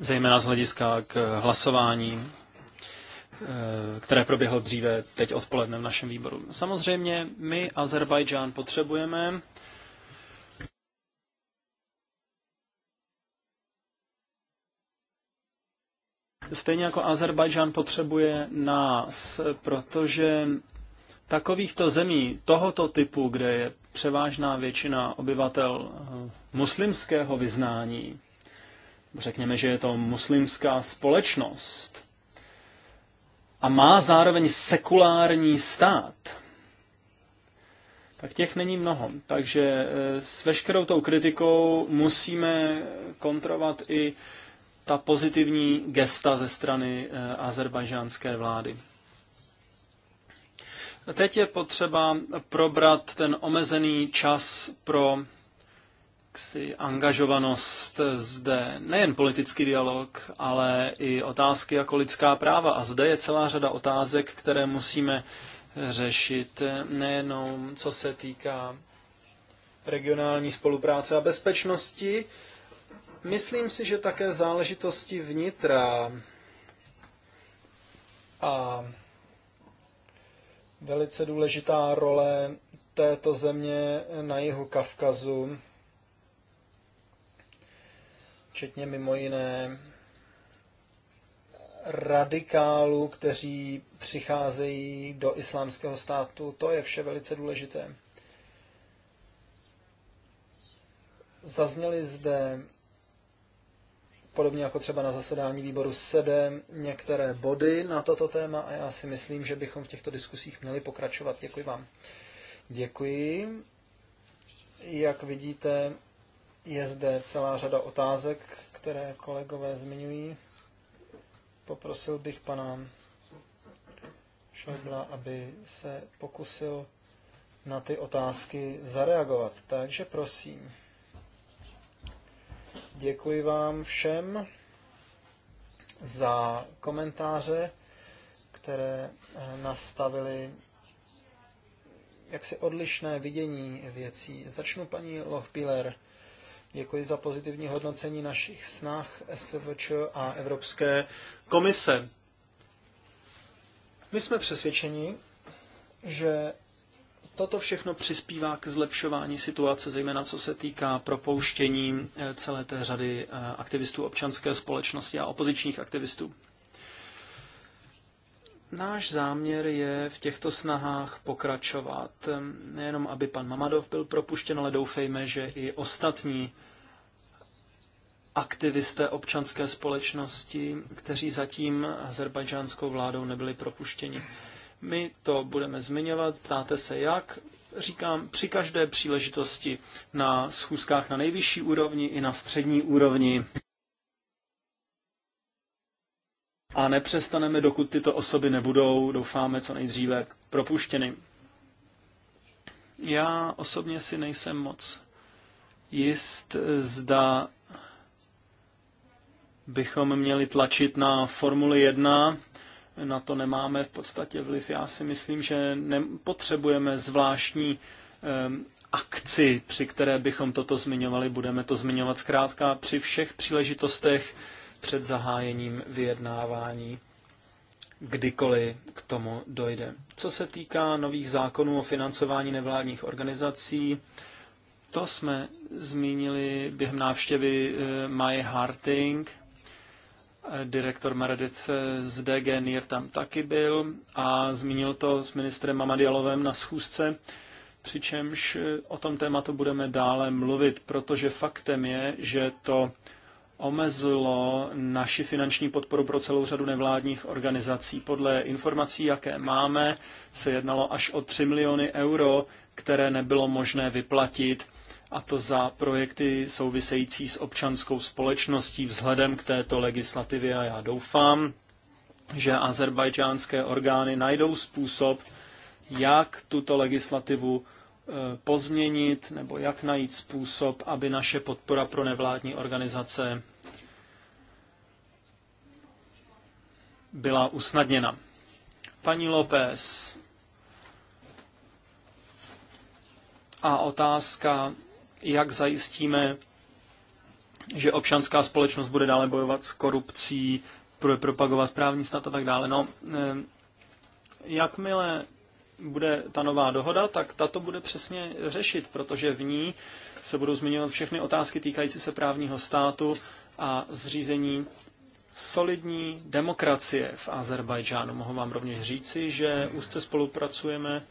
zejména z hlediska k hlasování, eh, které proběhlo dříve teď odpoledne v našem výboru. Samozřejmě my Azerbajdžán potřebujeme. Stejně jako Azerbajdžán potřebuje nás, protože takovýchto zemí tohoto typu, kde je převážná většina obyvatel eh, muslimského vyznání, řekněme, že je to muslimská společnost a má zároveň sekulární stát, tak těch není mnoho. Takže e, s veškerou tou kritikou musíme kontrovat i ta pozitivní gesta ze strany e, azerbajžánské vlády. Teď je potřeba probrat ten omezený čas pro jaksi angažovanost zde nejen politický dialog, ale i otázky jako lidská práva. A zde je celá řada otázek, které musíme řešit nejenom co se týká regionální spolupráce a bezpečnosti. Myslím si, že také záležitosti vnitra a velice důležitá role této země na jihu Kavkazu včetně mimo jiné radikálů, kteří přicházejí do islámského státu. To je vše velice důležité. Zazněly zde, podobně jako třeba na zasedání výboru 7, některé body na toto téma a já si myslím, že bychom v těchto diskusích měli pokračovat. Děkuji vám. Děkuji. Jak vidíte, je zde celá řada otázek, které kolegové zmiňují. Poprosil bych pana Šojbla, aby se pokusil na ty otázky zareagovat. Takže prosím. Děkuji vám všem za komentáře, které eh, nastavili jaksi odlišné vidění věcí. Začnu paní Lochbiller. Děkuji za pozitivní hodnocení našich snah SVČ a Evropské komise. My jsme přesvědčeni, že toto všechno přispívá k zlepšování situace, zejména co se týká propouštění eh, celé té řady eh, aktivistů občanské společnosti a opozičních aktivistů. Náš záměr je v těchto snahách pokračovat, nejenom aby pan Mamadov byl propuštěn, ale doufejme, že i ostatní aktivisté občanské společnosti, kteří zatím azerbajdžánskou vládou nebyli propuštěni. My to budeme zmiňovat, ptáte se jak. Říkám, při každé příležitosti na schůzkách na nejvyšší úrovni i na střední úrovni a nepřestaneme, dokud tyto osoby nebudou, doufáme, co nejdříve propuštěny. Já osobně si nejsem moc jist, zda bychom měli tlačit na Formuli 1. Na to nemáme v podstatě vliv. Já si myslím, že nepotřebujeme zvláštní um, akci, při které bychom toto zmiňovali. Budeme to zmiňovat zkrátka při všech příležitostech, před zahájením vyjednávání, kdykoliv k tomu dojde. Co se týká nových zákonů o financování nevládních organizací, to jsme zmínili během návštěvy eh, Maje Harting. Eh, direktor Meredith eh, z DG Nier tam taky byl a zmínil to s ministrem Mamadialovem na schůzce, přičemž o tom tématu budeme dále mluvit, protože faktem je, že to omezilo naši finanční podporu pro celou řadu nevládních organizací. Podle informací, jaké máme, se jednalo až o 3 miliony euro, které nebylo možné vyplatit, a to za projekty související s občanskou společností vzhledem k této legislativě. A já doufám, že azerbajdžánské orgány najdou způsob, jak tuto legislativu Eh, pozměnit nebo jak najít způsob, aby naše podpora pro nevládní organizace byla usnadněna. Paní López a otázka, jak zajistíme, že občanská společnost bude dále bojovat s korupcí, bude propagovat právní stát a tak dále. No, eh, jakmile bude ta nová dohoda, tak tato bude přesně řešit, protože v ní se budou zmiňovat všechny otázky týkající se právního státu a zřízení solidní demokracie v Azerbajdžánu. Mohu vám rovněž říci, že úzce spolupracujeme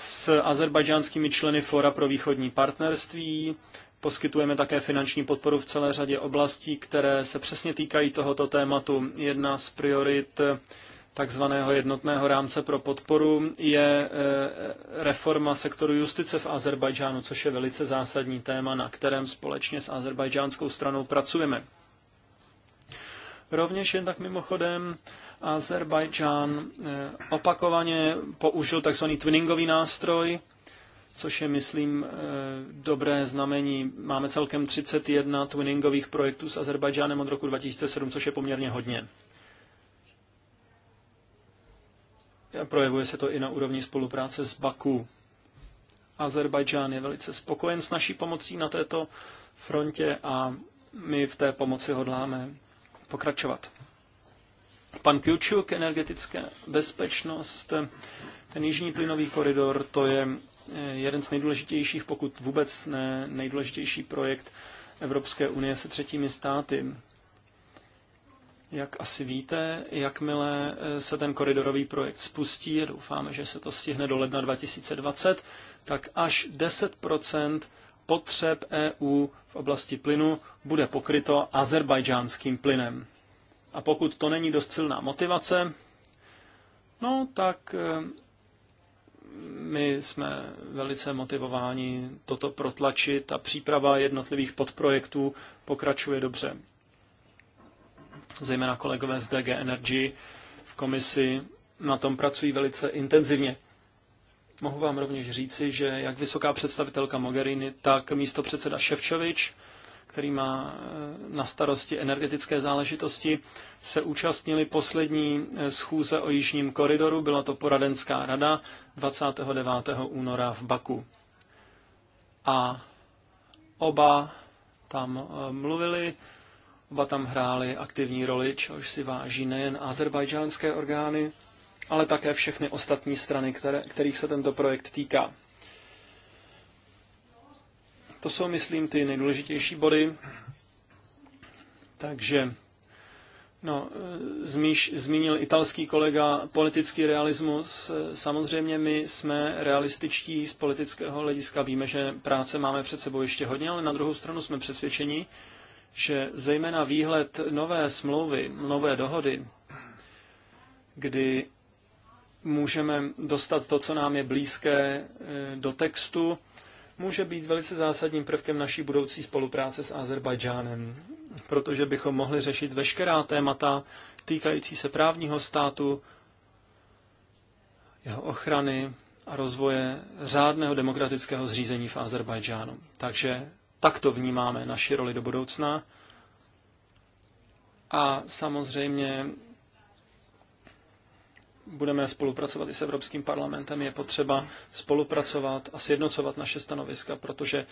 s azerbajdžánskými členy Fora pro východní partnerství. Poskytujeme také finanční podporu v celé řadě oblastí, které se přesně týkají tohoto tématu. Jedna z priorit takzvaného jednotného rámce pro podporu je e, reforma sektoru justice v Azerbajdžánu, což je velice zásadní téma, na kterém společně s azerbajdžánskou stranou pracujeme. Rovněž jen tak mimochodem, Azerbajdžán e, opakovaně použil tzv. twinningový nástroj, což je, myslím, e, dobré znamení. Máme celkem 31 twinningových projektů s Azerbajdžánem od roku 2007, což je poměrně hodně. Projevuje se to i na úrovni spolupráce s Baku. Azerbajdžán je velice spokojen s naší pomocí na této frontě a my v té pomoci hodláme pokračovat. Pan Kjučuk, energetická bezpečnost, ten jižní plynový koridor, to je eh, jeden z nejdůležitějších, pokud vůbec ne nejdůležitější projekt Evropské unie se třetími státy. Jak asi víte, jakmile eh, se ten koridorový projekt spustí, doufáme, že se to stihne do ledna 2020, tak až 10 potřeb EU v oblasti plynu bude pokryto azerbajdžánským plynem. A pokud to není dost silná motivace, no tak eh, my jsme velice motivováni toto protlačit a příprava jednotlivých podprojektů pokračuje dobře zejména kolegové z DG Energy v komisi na tom pracují velice intenzivně. Mohu vám rovněž říci, že jak vysoká představitelka Mogherini, tak místo předseda Ševčovič, který má eh, na starosti energetické záležitosti, se účastnili poslední eh, schůze o Jižním koridoru. Byla to poradenská rada 29. února v Baku. A oba tam eh, mluvili Oba tam hráli aktivní roli, čehož si váží nejen azerbajdžánské orgány, ale také všechny ostatní strany, které, kterých se tento projekt týká. To jsou, myslím, ty nejdůležitější body. Takže No, e, zmíš, zmínil italský kolega politický realismus. E, samozřejmě my jsme realističtí z politického hlediska. Víme, že práce máme před sebou ještě hodně, ale na druhou stranu jsme přesvědčeni, že zejména výhled nové smlouvy, nové dohody, kdy můžeme dostat to, co nám je blízké eh, do textu, může být velice zásadním prvkem naší budoucí spolupráce s Azerbajdžánem, protože bychom mohli řešit veškerá témata týkající se právního státu, jeho ochrany a rozvoje řádného demokratického zřízení v Azerbajdžánu. Takže tak to vnímáme naši roli do budoucna. A samozřejmě budeme spolupracovat i s Evropským parlamentem. Je potřeba spolupracovat a sjednocovat naše stanoviska, protože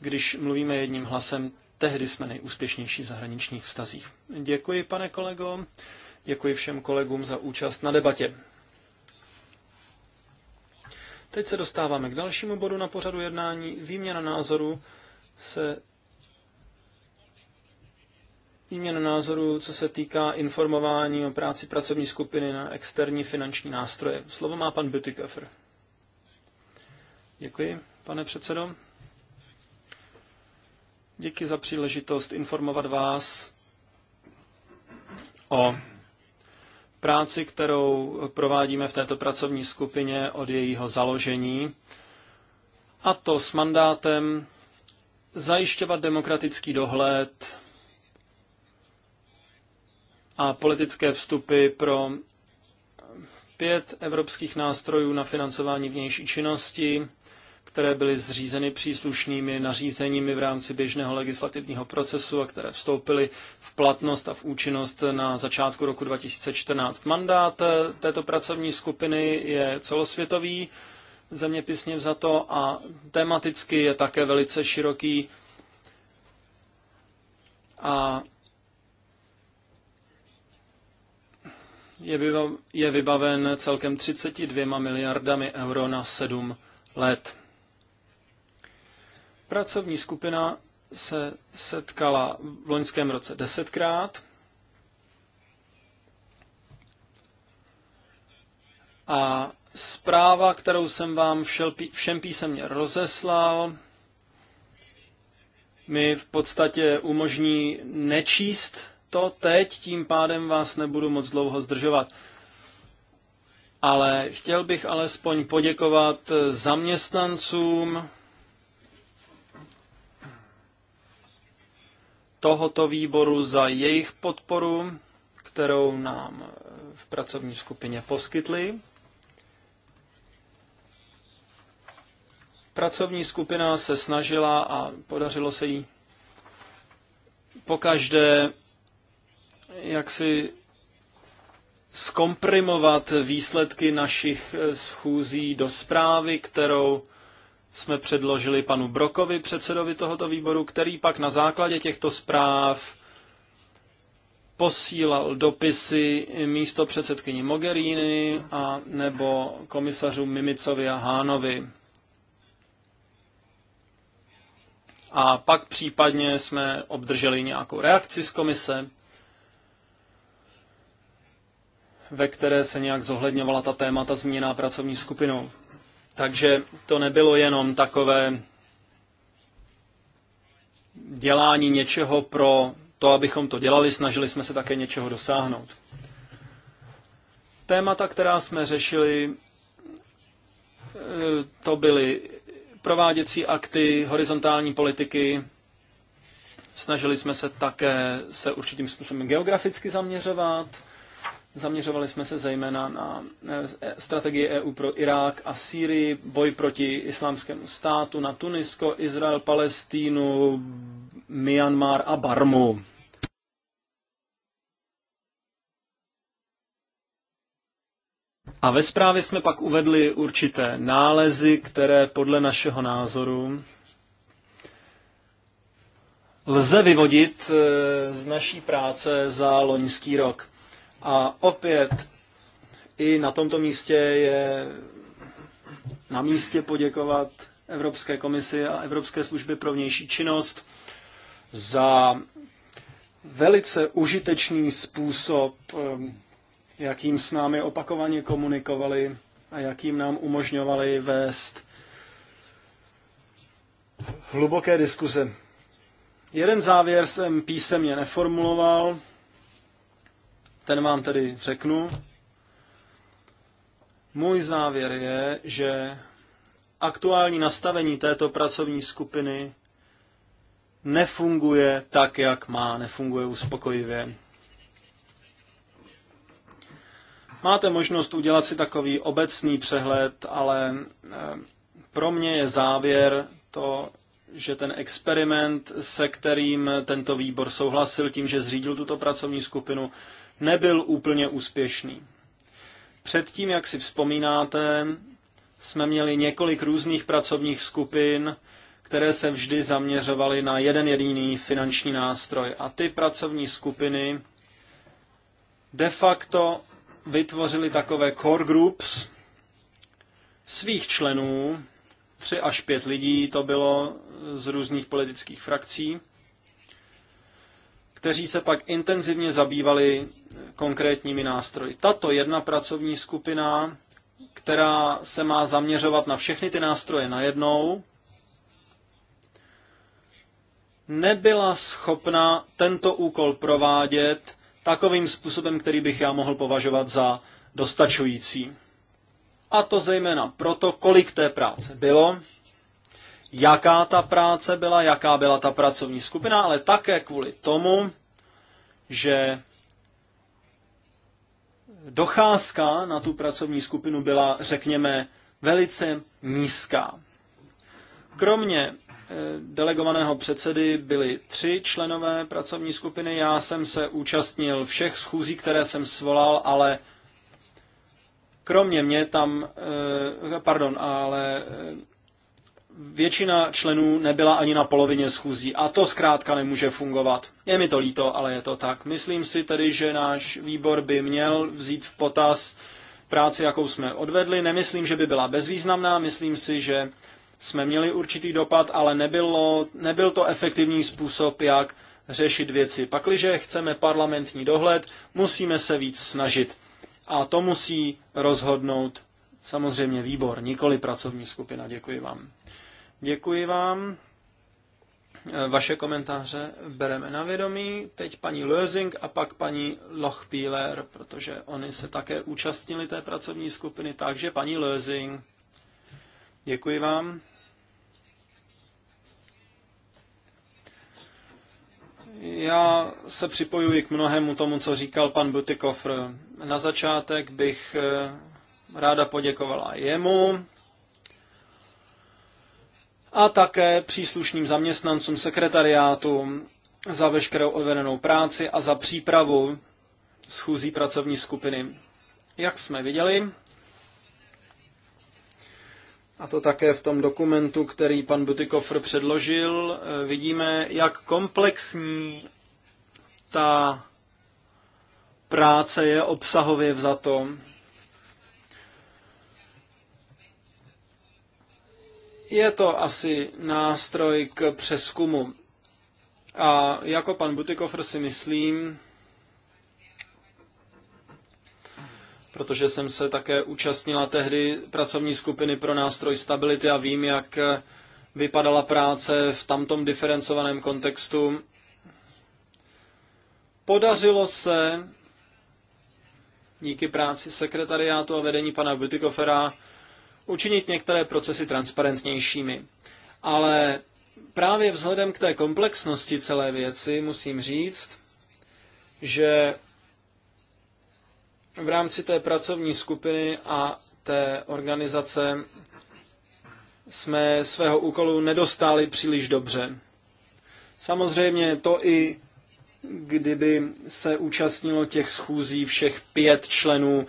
když mluvíme jedním hlasem, tehdy jsme nejúspěšnější v zahraničních vztazích. Děkuji, pane kolego. Děkuji všem kolegům za účast na debatě. Teď se dostáváme k dalšímu bodu na pořadu jednání výměna názoru se výměna názoru, co se týká informování o práci pracovní skupiny na externí finanční nástroje. Slovo má pan Bütikofer. Děkuji, pane předsedo. Díky za příležitost informovat vás o práci, kterou provádíme v této pracovní skupině od jejího založení, a to s mandátem zajišťovat demokratický dohled a politické vstupy pro pět evropských nástrojů na financování vnější činnosti, které byly zřízeny příslušnými nařízeními v rámci běžného legislativního procesu a které vstoupily v platnost a v účinnost na začátku roku 2014. Mandát eh, této pracovní skupiny je celosvětový zeměpisně vzato a tematicky je také velice široký. A je vybaven celkem 32 miliardami euro na 7 let. Pracovní skupina se setkala v loňském roce desetkrát a Zpráva, kterou jsem vám všem písemně rozeslal, mi v podstatě umožní nečíst to teď, tím pádem vás nebudu moc dlouho zdržovat. Ale chtěl bych alespoň poděkovat zaměstnancům tohoto výboru za jejich podporu, kterou nám v pracovní skupině poskytli. Pracovní skupina se snažila a podařilo se jí pokaždé jaksi skomprimovat výsledky našich eh, schůzí do zprávy, kterou jsme předložili panu Brokovi, předsedovi tohoto výboru, který pak na základě těchto zpráv posílal dopisy místo předsedkyni Mogherini a nebo komisařům Mimicovi a Hánovi. a pak případně jsme obdrželi nějakou reakci z komise, ve které se nějak zohledňovala ta témata zmíněná pracovní skupinou. Takže to nebylo jenom takové dělání něčeho pro to, abychom to dělali, snažili jsme se také něčeho dosáhnout. Témata, která jsme řešili, eh, to byly prováděcí akty, horizontální politiky. Snažili jsme se také se určitým způsobem geograficky zaměřovat. Zaměřovali jsme se zejména na eh, strategii EU pro Irák a Sýrii, boj proti islámskému státu, na Tunisko, Izrael, Palestínu, Myanmar a Barmu. A ve zprávě jsme pak uvedli určité nálezy, které podle našeho názoru lze vyvodit e, z naší práce za loňský rok. A opět i na tomto místě je na místě poděkovat Evropské komisi a Evropské služby pro vnější činnost za velice užitečný způsob e, jakým s námi opakovaně komunikovali a jakým nám umožňovali vést hluboké diskuze. Jeden závěr jsem písemně neformuloval, ten vám tedy řeknu. Můj závěr je, že aktuální nastavení této pracovní skupiny nefunguje tak, jak má, nefunguje uspokojivě. Máte možnost udělat si takový obecný přehled, ale eh, pro mě je závěr to, že ten experiment, se kterým tento výbor souhlasil tím, že zřídil tuto pracovní skupinu, nebyl úplně úspěšný. Předtím, jak si vzpomínáte, jsme měli několik různých pracovních skupin, které se vždy zaměřovaly na jeden jediný finanční nástroj. A ty pracovní skupiny de facto vytvořili takové core groups svých členů, tři až pět lidí to bylo z různých politických frakcí, kteří se pak intenzivně zabývali konkrétními nástroji. Tato jedna pracovní skupina, která se má zaměřovat na všechny ty nástroje najednou, nebyla schopna tento úkol provádět takovým způsobem, který bych já mohl považovat za dostačující. A to zejména proto, kolik té práce bylo, jaká ta práce byla, jaká byla ta pracovní skupina, ale také kvůli tomu, že docházka na tu pracovní skupinu byla, řekněme, velice nízká. Kromě eh, delegovaného předsedy byli tři členové pracovní skupiny. Já jsem se účastnil všech schůzí, které jsem svolal, ale kromě mě tam, eh, pardon, ale eh, většina členů nebyla ani na polovině schůzí a to zkrátka nemůže fungovat. Je mi to líto, ale je to tak. Myslím si tedy, že náš výbor by měl vzít v potaz práci, jakou jsme odvedli. Nemyslím, že by byla bezvýznamná, myslím si, že jsme měli určitý dopad, ale nebylo, nebyl to efektivní způsob, jak řešit věci. Pakliže chceme parlamentní dohled, musíme se víc snažit. A to musí rozhodnout samozřejmě výbor, nikoli pracovní skupina. Děkuji vám. Děkuji vám. Vaše komentáře bereme na vědomí. Teď paní Lösing a pak paní Lochpíler, protože oni se také účastnili té pracovní skupiny, takže paní Lösing. Děkuji vám. Já se připojuji k mnohému tomu, co říkal pan Butikofr. Na začátek bych eh, ráda poděkovala jemu a také příslušným zaměstnancům sekretariátu za veškerou odvedenou práci a za přípravu schůzí pracovní skupiny. Jak jsme viděli, a to také v tom dokumentu, který pan Butikofr předložil, eh, vidíme, jak komplexní ta práce je obsahově vzato. Je to asi nástroj k přeskumu. A jako pan Butikofr si myslím, protože jsem se také účastnila tehdy pracovní skupiny pro nástroj stability a vím, jak eh, vypadala práce v tamtom diferencovaném kontextu. Podařilo se díky práci sekretariátu a vedení pana Butikofera učinit některé procesy transparentnějšími. Ale právě vzhledem k té komplexnosti celé věci musím říct, že v rámci té pracovní skupiny a té organizace jsme svého úkolu nedostali příliš dobře. Samozřejmě to i kdyby se účastnilo těch schůzí všech pět členů,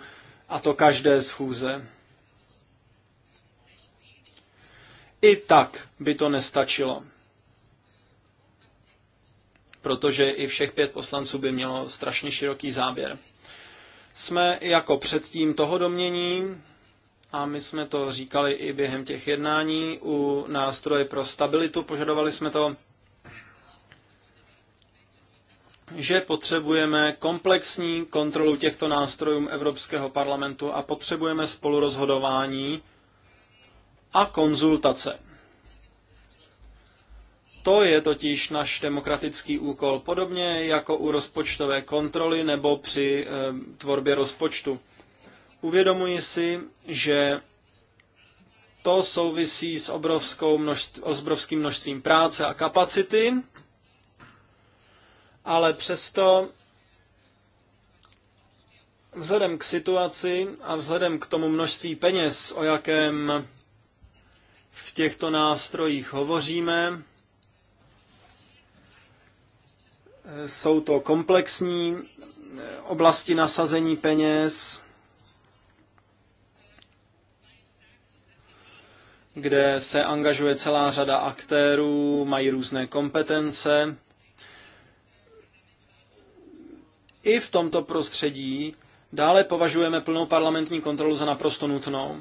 a to každé schůze. I tak by to nestačilo. Protože i všech pět poslanců by mělo strašně široký záběr jsme jako předtím toho domění, a my jsme to říkali i během těch jednání u nástroje pro stabilitu, požadovali jsme to, že potřebujeme komplexní kontrolu těchto nástrojů Evropského parlamentu a potřebujeme spolurozhodování a konzultace. To je totiž náš demokratický úkol, podobně jako u rozpočtové kontroly nebo při e, tvorbě rozpočtu. Uvědomuji si, že to souvisí s, obrovskou množství, obrovským množstvím práce a kapacity, ale přesto vzhledem k situaci a vzhledem k tomu množství peněz, o jakém v těchto nástrojích hovoříme, Jsou to komplexní eh, oblasti nasazení peněz, kde se angažuje celá řada aktérů, mají různé kompetence. I v tomto prostředí dále považujeme plnou parlamentní kontrolu za naprosto nutnou.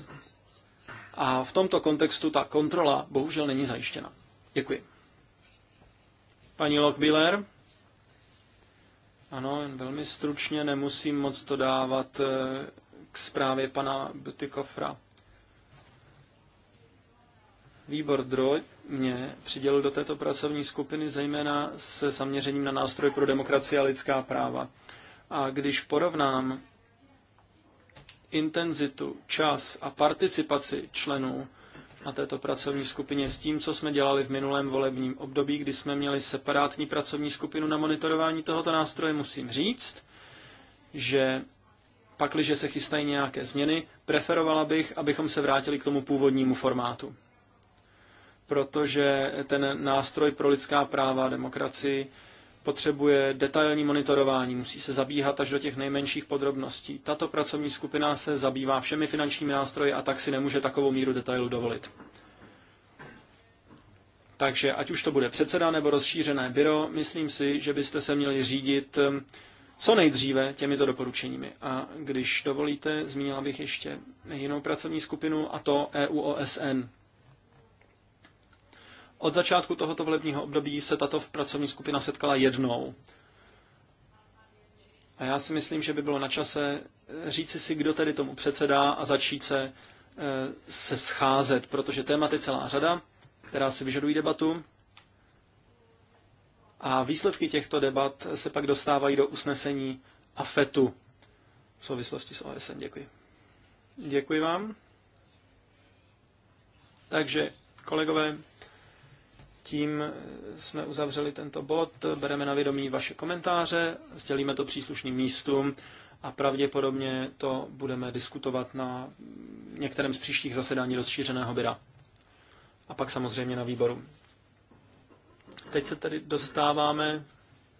A v tomto kontextu ta kontrola bohužel není zajištěna. Děkuji. Paní Lockbiller? Ano, jen velmi stručně, nemusím moc to dávat eh, k zprávě pana Butikofra. Výbor DROJ mě přidělil do této pracovní skupiny zejména se zaměřením na nástroj pro demokracii a lidská práva. A když porovnám intenzitu, čas a participaci členů na této pracovní skupině s tím, co jsme dělali v minulém volebním období, kdy jsme měli separátní pracovní skupinu na monitorování tohoto nástroje, musím říct, že pakliže se chystají nějaké změny, preferovala bych, abychom se vrátili k tomu původnímu formátu. Protože ten nástroj pro lidská práva a demokracii potřebuje detailní monitorování, musí se zabíhat až do těch nejmenších podrobností. Tato pracovní skupina se zabývá všemi finančními nástroji a tak si nemůže takovou míru detailu dovolit. Takže ať už to bude předseda nebo rozšířené byro, myslím si, že byste se měli řídit um, co nejdříve těmito doporučeními. A když dovolíte, zmínila bych ještě jinou pracovní skupinu, a to EU OSN. Od začátku tohoto volebního období se tato pracovní skupina setkala jednou. A já si myslím, že by bylo na čase říci si, kdo tedy tomu předsedá a začít se, eh, se scházet, protože témat je celá řada, která si vyžadují debatu. A výsledky těchto debat se pak dostávají do usnesení fetu v souvislosti s OSN. Děkuji. Děkuji vám. Takže, kolegové, tím jsme uzavřeli tento bod, bereme na vědomí vaše komentáře, sdělíme to příslušným místům a pravděpodobně to budeme diskutovat na některém z příštích zasedání rozšířeného byra. A pak samozřejmě na výboru. Teď se tady dostáváme.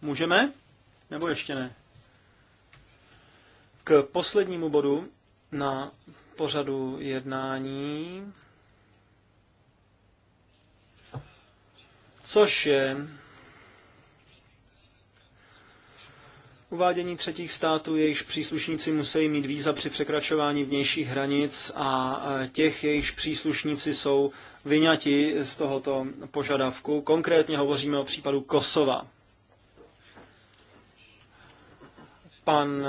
Můžeme? Nebo ještě ne? K poslednímu bodu na pořadu jednání což je uvádění třetích států, jejichž příslušníci musí mít víza při překračování vnějších hranic a e, těch, jejichž příslušníci jsou vyňati z tohoto požadavku. Konkrétně hovoříme o případu Kosova. Pan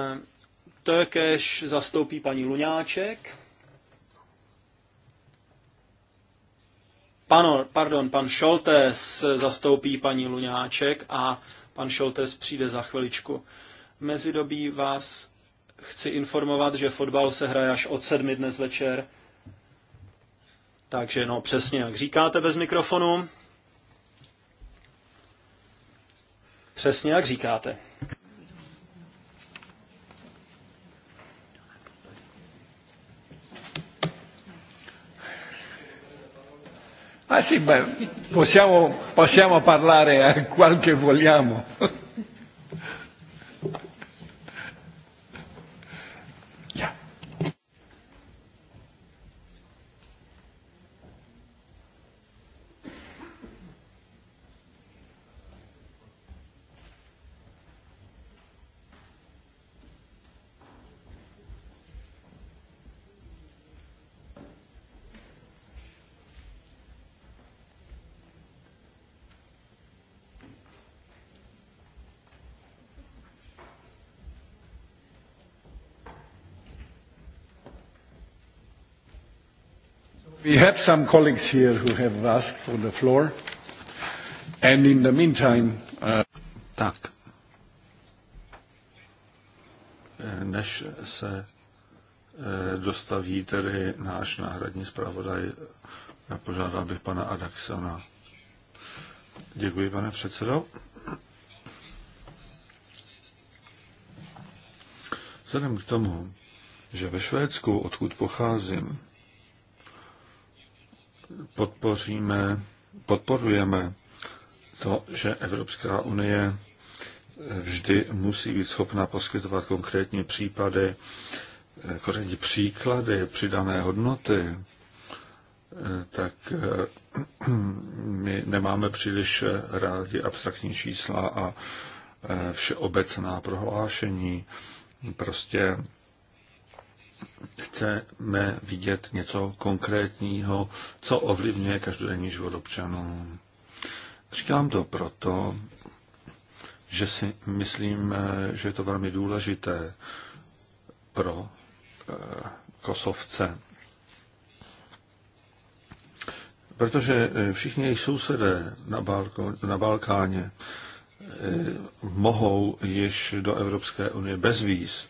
Tökeš zastoupí paní Luňáček. Pano, pardon, pan Šoltes zastoupí paní Luňáček a pan Šoltes přijde za chviličku. Mezidobí vás chci informovat, že fotbal se hraje až od sedmi dnes večer. Takže no, přesně jak říkáte bez mikrofonu. Přesně jak říkáte. Ah sì, beh, possiamo, possiamo parlare a qualche vogliamo. We have some colleagues here who have asked for the floor. And in the meantime... Uh... Tak. Než se eh, dostaví tedy náš náhradní zpravodaj, já požádal bych pana Adaxona. Děkuji, pane předsedo. Vzhledem k tomu, že ve Švédsku, odkud pocházím, podpoříme, podporujeme to, že Evropská unie vždy musí být schopna poskytovat konkrétní případy, eh, konkrétní příklady přidané hodnoty, eh, tak eh, my nemáme příliš rádi abstraktní čísla a všeobecná prohlášení. Prostě Chceme vidět něco konkrétního, co ovlivňuje každodenní život občanů. Říkám to proto, že si myslím, že je to velmi důležité pro eh, Kosovce. Protože eh, všichni jejich sousedé na, Balko, na Balkáně eh, mohou již do Evropské unie bez víz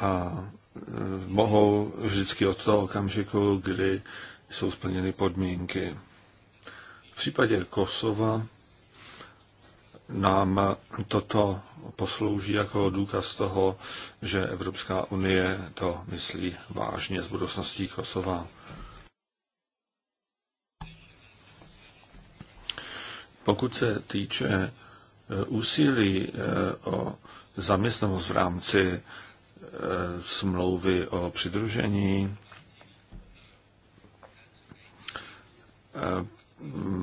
a e, mohou vždycky od toho okamžiku, kdy jsou splněny podmínky. V případě Kosova nám toto poslouží jako důkaz toho, že Evropská unie to myslí vážně s budoucností Kosova. Pokud se týče e, úsilí e, o zaměstnanost v rámci Eh, smlouvy o přidružení. Eh,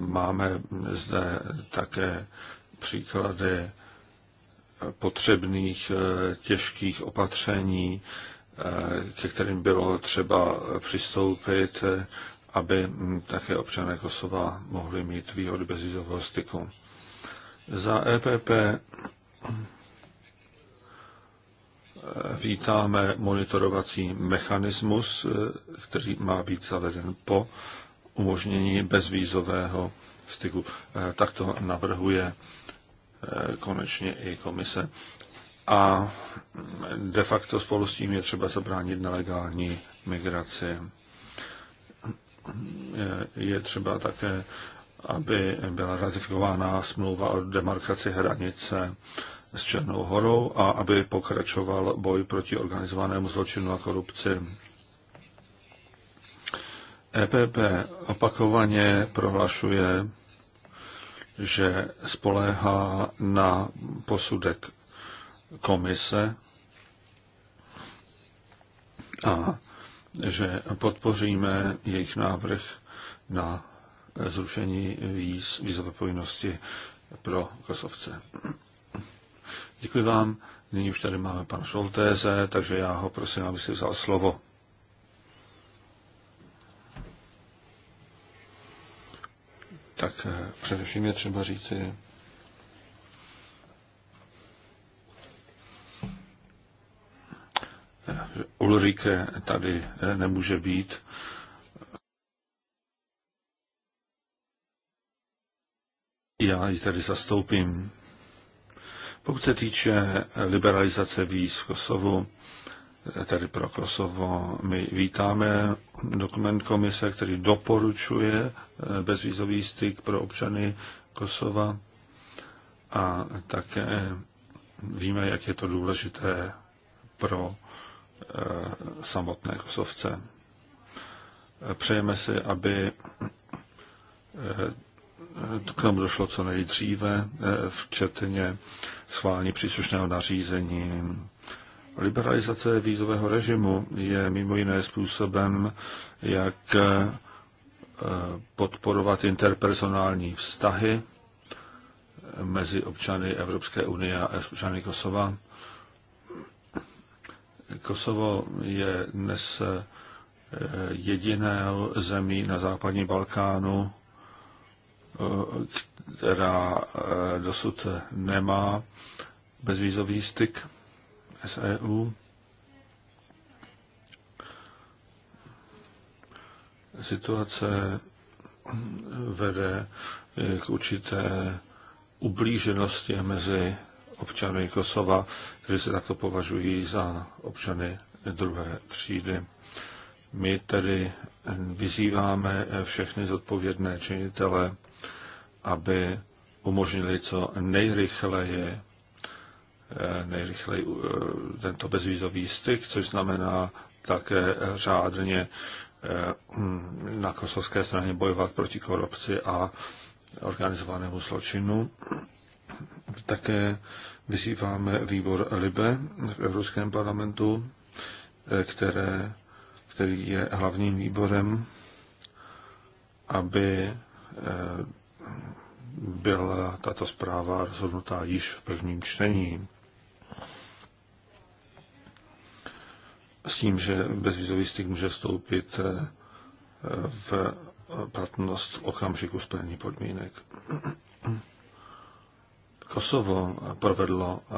máme zde také příklady potřebných eh, těžkých opatření, ke kterým bylo třeba přistoupit, aby hm, také občané Kosova mohli mít výhody bezvizového styku. Za EPP vítáme monitorovací mechanismus, eh, který má být zaveden po umožnění bezvízového styku. Eh, tak to navrhuje eh, konečně i komise. A de facto spolu s tím je třeba zabránit nelegální migraci. Je třeba také, aby byla ratifikována smlouva o demarkaci hranice s Černou horou a aby pokračoval boj proti organizovanému zločinu a korupci. EPP opakovaně prohlašuje, že spoléhá na posudek komise a že podpoříme jejich návrh na zrušení víz, vízové povinnosti pro Kosovce. Děkuji vám. Nyní už tady máme pana Šoltéze, takže já ho prosím, aby si vzal slovo. Tak eh, především je třeba říci, eh, Ulrike tady eh, nemůže být. Já ji tady zastoupím. Pokud se týče liberalizace víz v Kosovu, tedy pro Kosovo, my vítáme dokument komise, který doporučuje bezvízový styk pro občany Kosova a také víme, jak je to důležité pro eh, samotné Kosovce. Přejeme si, aby eh, Eh, k tomu došlo co nejdříve, eh, včetně schválení příslušného nařízení. Liberalizace vízového režimu je mimo jiné způsobem, jak eh, podporovat interpersonální vztahy mezi občany Evropské unie a občany Kosova. Kosovo je dnes jediné zemí na západní Balkánu, která eh, dosud nemá bezvízový styk s EU. Situace vede eh, k určité ublíženosti mezi občany Kosova, kteří se takto považují za občany druhé třídy. My tedy vyzýváme všechny zodpovědné činitele, aby umožnili co nejrychleji eh, nejrychleji eh, tento bezvízový styk, což znamená také řádně eh, mm, na kosovské straně bojovat proti korupci a organizovanému zločinu. Také vyzýváme výbor LIBE v Evropském parlamentu, které, který je hlavním výborem, aby byla tato zpráva rozhodnutá již v prvním čtení. S tím, že bezvízový styk může vstoupit eh, v platnost v okamžiku splnění podmínek. Kosovo provedlo eh,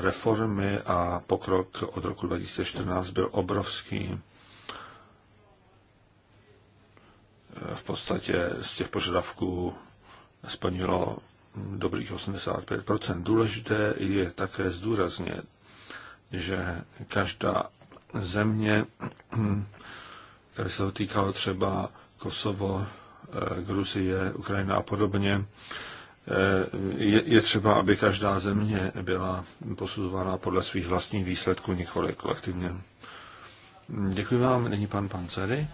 reformy a pokrok od roku 2014 byl obrovský. Eh, v podstatě z těch požadavků splnilo dobrých 85%. Důležité je také zdůraznit, že každá země, které se týkalo třeba Kosovo, eh, Gruzie, Ukrajina a podobně, eh, je, je třeba, aby každá země byla posuzována podle svých vlastních výsledků, nikoli kolektivně. Děkuji vám. Není pan Pancery?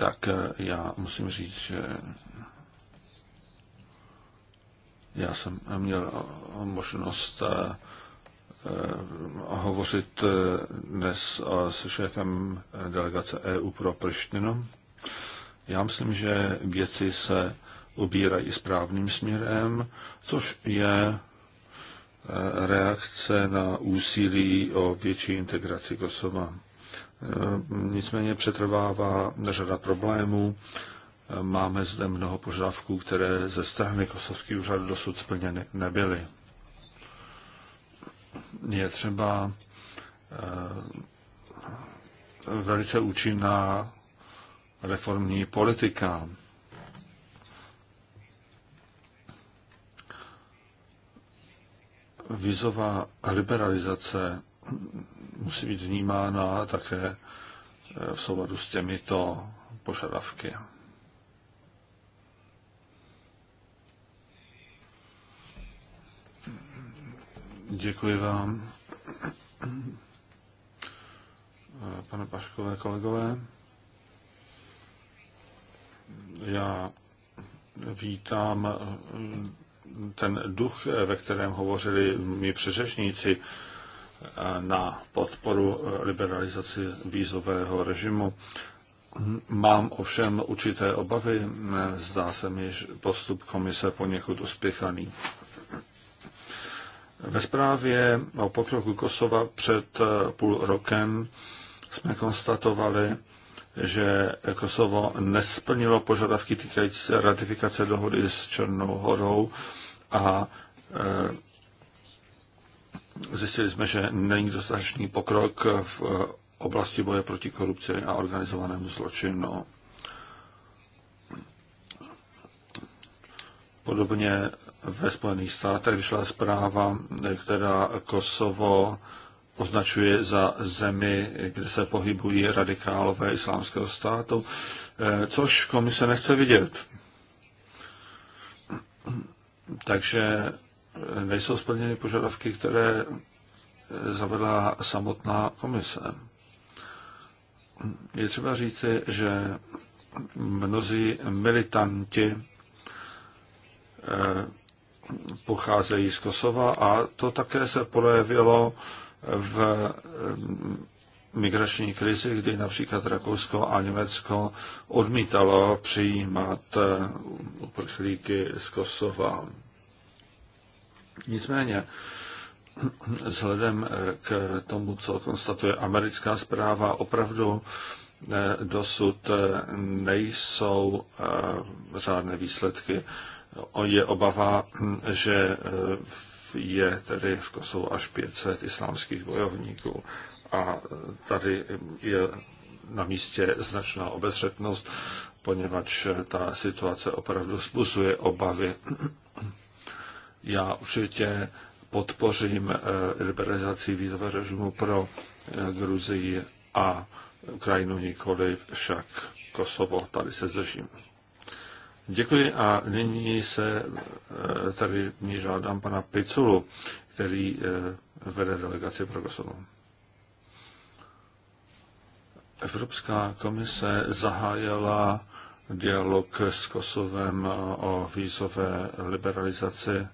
tak eh, já musím říct, že já jsem měl možnost eh, eh, hovořit dnes s šéfem delegace EU pro Prštinu. Já myslím, že věci se ubírají správným směrem, což je reakce na úsilí o větší integraci Kosova. Eh, nicméně přetrvává řada problémů. Eh, máme zde mnoho požadavků, které ze strany Kosovský úřad dosud splněny nebyly. Je třeba eh, velice účinná reformní politika. Vizová liberalizace musí být vnímána také eh, v souladu s těmito požadavky. Děkuji vám, eh, pane Paškové, kolegové. Já vítám eh, ten duch, ve kterém hovořili mi přeřešníci, na podporu liberalizaci vízového režimu. Mám ovšem určité obavy, zdá se mi že postup komise poněkud uspěchaný. Ve zprávě o pokroku Kosova před eh, půl rokem jsme konstatovali, že Kosovo nesplnilo požadavky týkající ratifikace dohody s Černou horou a eh, Zjistili jsme, že není dostatečný pokrok v eh, oblasti boje proti korupci a organizovanému zločinu. Podobně ve Spojených státech vyšla zpráva, která Kosovo označuje za zemi, kde se pohybují radikálové islámského státu, eh, což komise nechce vidět. Takže nejsou splněny požadavky, které zavedla samotná komise. Je třeba říci, že mnozí militanti eh, pocházejí z Kosova a to také se projevilo v eh, migrační krizi, kdy například Rakousko a Německo odmítalo přijímat eh, uprchlíky z Kosova. Nicméně, vzhledem eh, k tomu, co konstatuje americká zpráva, opravdu eh, dosud eh, nejsou řádné výsledky. Je obava, hm, že je tedy v Kosovu až 500 islámských bojovníků a tady je na místě značná obezřetnost, poněvadž ta situace opravdu způsobuje obavy hm, já určitě podpořím eh, liberalizaci vízového režimu pro eh, Gruzii a Ukrajinu nikoli, však Kosovo, tady se zdržím. Děkuji a nyní se eh, tady mě žádám pana Piculu, který vede delegaci pro Kosovo. Evropská komise zahájila dialog s Kosovem o vízové liberalizaci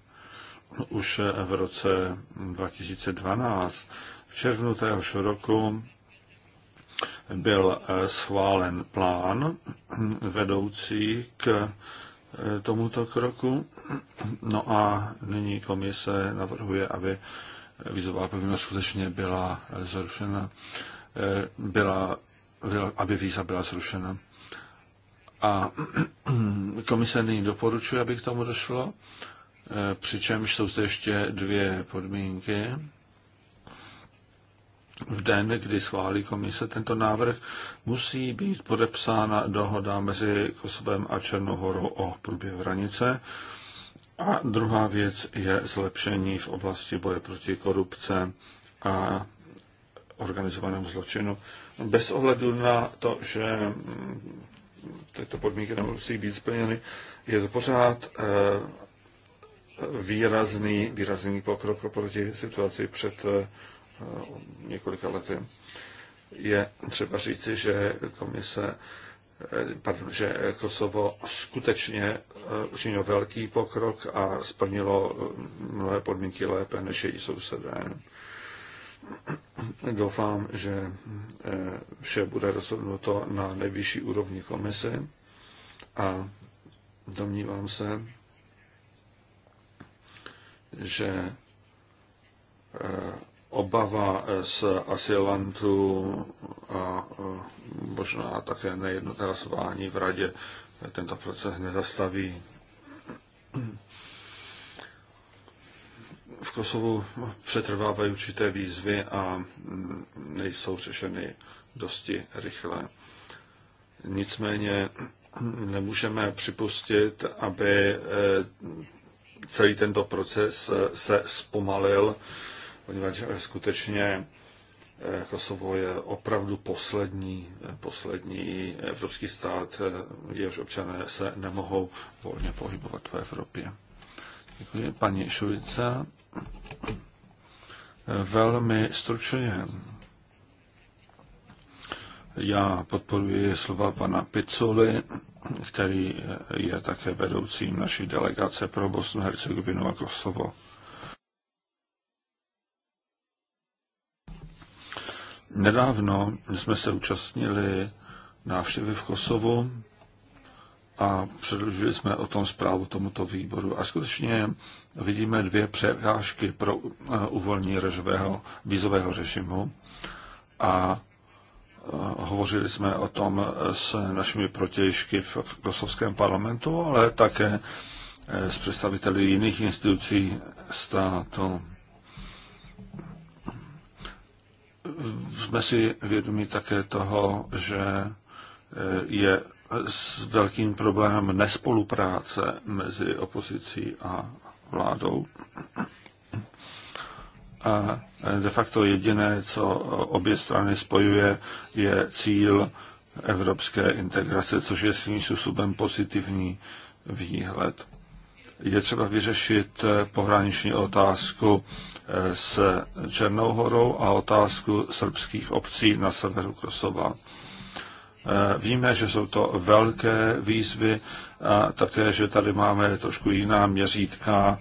už v roce 2012, v červnu téhož roku, byl eh, schválen plán vedoucí k eh, tomuto kroku. No a nyní komise navrhuje, aby vizová povinnost skutečně byla eh, zrušena, byla, byla, aby víza byla zrušena. A komise nyní doporučuje, aby k tomu došlo Eh, přičemž jsou zde ještě dvě podmínky. V den, kdy schválí komise tento návrh, musí být podepsána dohoda mezi Kosovem a Černohorou o průběhu hranice. A druhá věc je zlepšení v oblasti boje proti korupce a organizovanému zločinu. Bez ohledu na to, že mm, tyto podmínky nemusí být splněny, je to pořád eh, výrazný, výrazný pokrok oproti situaci před eh, několika lety. Je třeba říci, že komise eh, pardon, že Kosovo skutečně eh, učinilo velký pokrok a splnilo mnohé podmínky lépe než její sousedé. Doufám, že vše bude rozhodnuto na nejvyšší úrovni komise a domnívám se, že eh, obava z asilantů a eh, možná také nejednotné hlasování v radě tento proces nezastaví. V Kosovu přetrvávají určité výzvy a mm, nejsou řešeny dosti rychle. Nicméně mm, nemůžeme připustit, aby eh, celý tento proces eh, se zpomalil, poněvadž eh, skutečně eh, Kosovo je opravdu poslední, poslední evropský stát, jehož občané se nemohou volně pohybovat v Evropě. Děkuji. Paní Šujice, velmi stručně. Já podporuji slova pana Picoli který je také vedoucím naší delegace pro Bosnu, Hercegovinu a Kosovo. Nedávno jsme se účastnili návštěvy v Kosovu a předložili jsme o tom zprávu tomuto výboru. A skutečně vidíme dvě překážky pro eh, uvolnění reživého vízového režimu. A hovořili jsme o tom s našimi protějšky v kosovském parlamentu, ale také s představiteli jiných institucí státu. Jsme si vědomi také toho, že je s velkým problémem nespolupráce mezi opozicí a vládou. A De facto jediné, co obě strany spojuje, je cíl evropské integrace, což je svým způsobem pozitivní výhled. Je třeba vyřešit pohraniční otázku eh, s Černou horou a otázku srbských obcí na severu Kosova. Eh, víme, že jsou to velké výzvy a také, že tady máme trošku jiná měřítka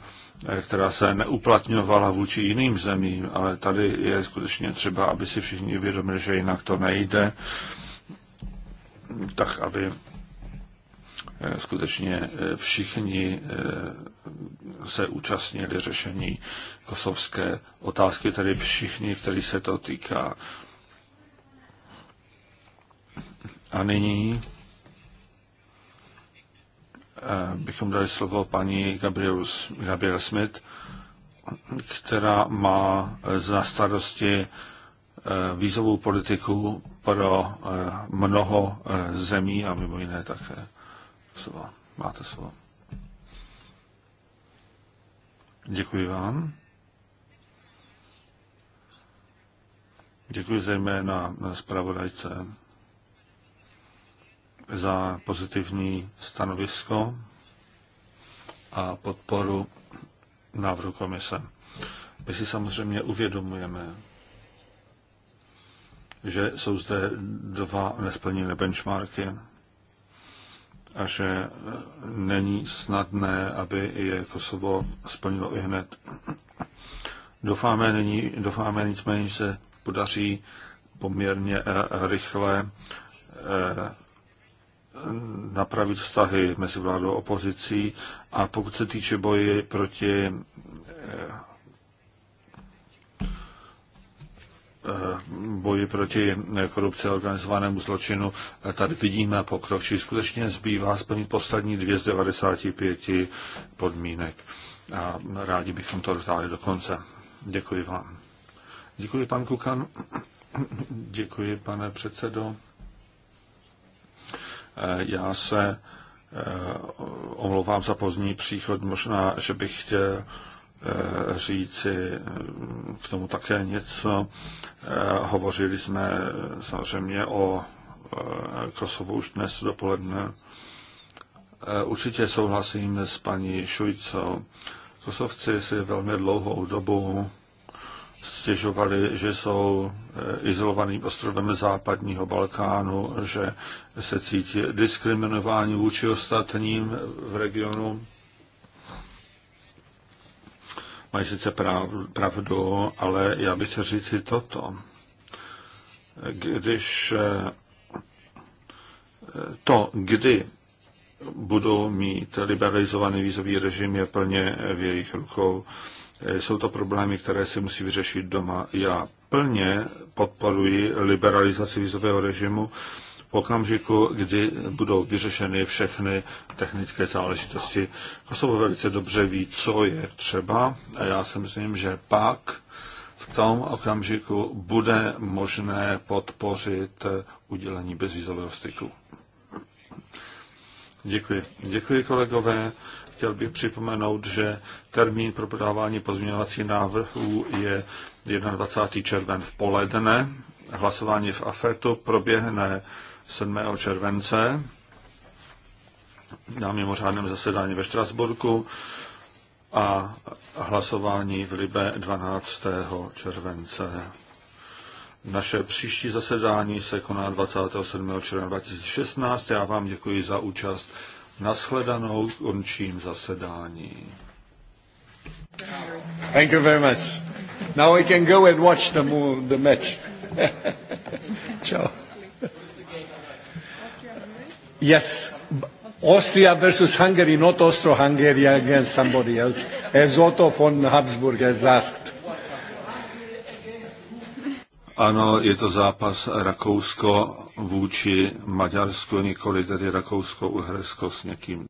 Eh, která se neuplatňovala vůči jiným zemím, ale tady je skutečně třeba, aby si všichni uvědomili, že jinak to nejde, tak aby eh, skutečně eh, všichni se účastnili řešení kosovské otázky, tedy všichni, který se to týká. A nyní bychom dali slovo paní Gabriel, Gabriel Smith, která má za eh, starosti eh, vízovou politiku pro eh, mnoho zemí a mimo jiné také. Slovo. Máte slovo. Děkuji vám. Děkuji zejména zpravodajce za pozitivní stanovisko a podporu návrhu komise. My si samozřejmě uvědomujeme, že jsou zde dva nesplněné benchmarky a že není snadné, aby je Kosovo splnilo i hned. Doufáme, není, doufáme nicméně, že se podaří poměrně rychle eh, napravit vztahy mezi vládou a opozicí a pokud se týče boji proti eh, boji proti korupci a organizovanému zločinu, eh, tady vidíme pokrok, či skutečně zbývá splnit poslední dvě z 95 podmínek. A rádi bychom to dotáhli do konce. Děkuji vám. Děkuji, pan Kukan. Děkuji, pane předsedo. Eh, já se eh, omlouvám za pozdní příchod, možná, že bych chtěl eh, říci k tomu také něco. Hovořili jsme samozřejmě o Kosovu už dnes dopoledne. Určitě souhlasím s paní Šujco. Kosovci si velmi dlouhou dobu stěžovali, že jsou eh, izolovaným ostrovem západního Balkánu, že se cítí diskriminováni vůči ostatním v regionu. Mají sice pravdu, ale já bych chtěl říct si toto. Když eh, to, kdy budou mít liberalizovaný vízový režim, je plně v jejich rukou. Eh, jsou to problémy, které si musí vyřešit doma. Já plně podporuji liberalizaci vizového režimu v okamžiku, kdy budou vyřešeny všechny technické záležitosti. Kosovo velice dobře ví, co je třeba a já si myslím, že pak v tom okamžiku bude možné podpořit eh, udělení bezvizového styku. Děkuji. Děkuji kolegové. Chtěl bych připomenout, že termín pro podávání pozměňovacích návrhů je 21. červen v poledne. Hlasování v AFETu proběhne 7. července na mimořádném zasedání ve Štrasburku a hlasování v Libe 12. července. Naše příští zasedání se koná 27. června 2016. Já vám děkuji za účast. Naschledanou končím zasedání. Thank you very much. Now we can go and watch the, move, the match. Ciao. Yes. Austria versus Hungary, not Austro-Hungary against somebody else, as Otto von Habsburg has asked. Ano, je to zápas Rakousko vůči Maďarsku, nikoli tedy Rakousko, Uhersko s někým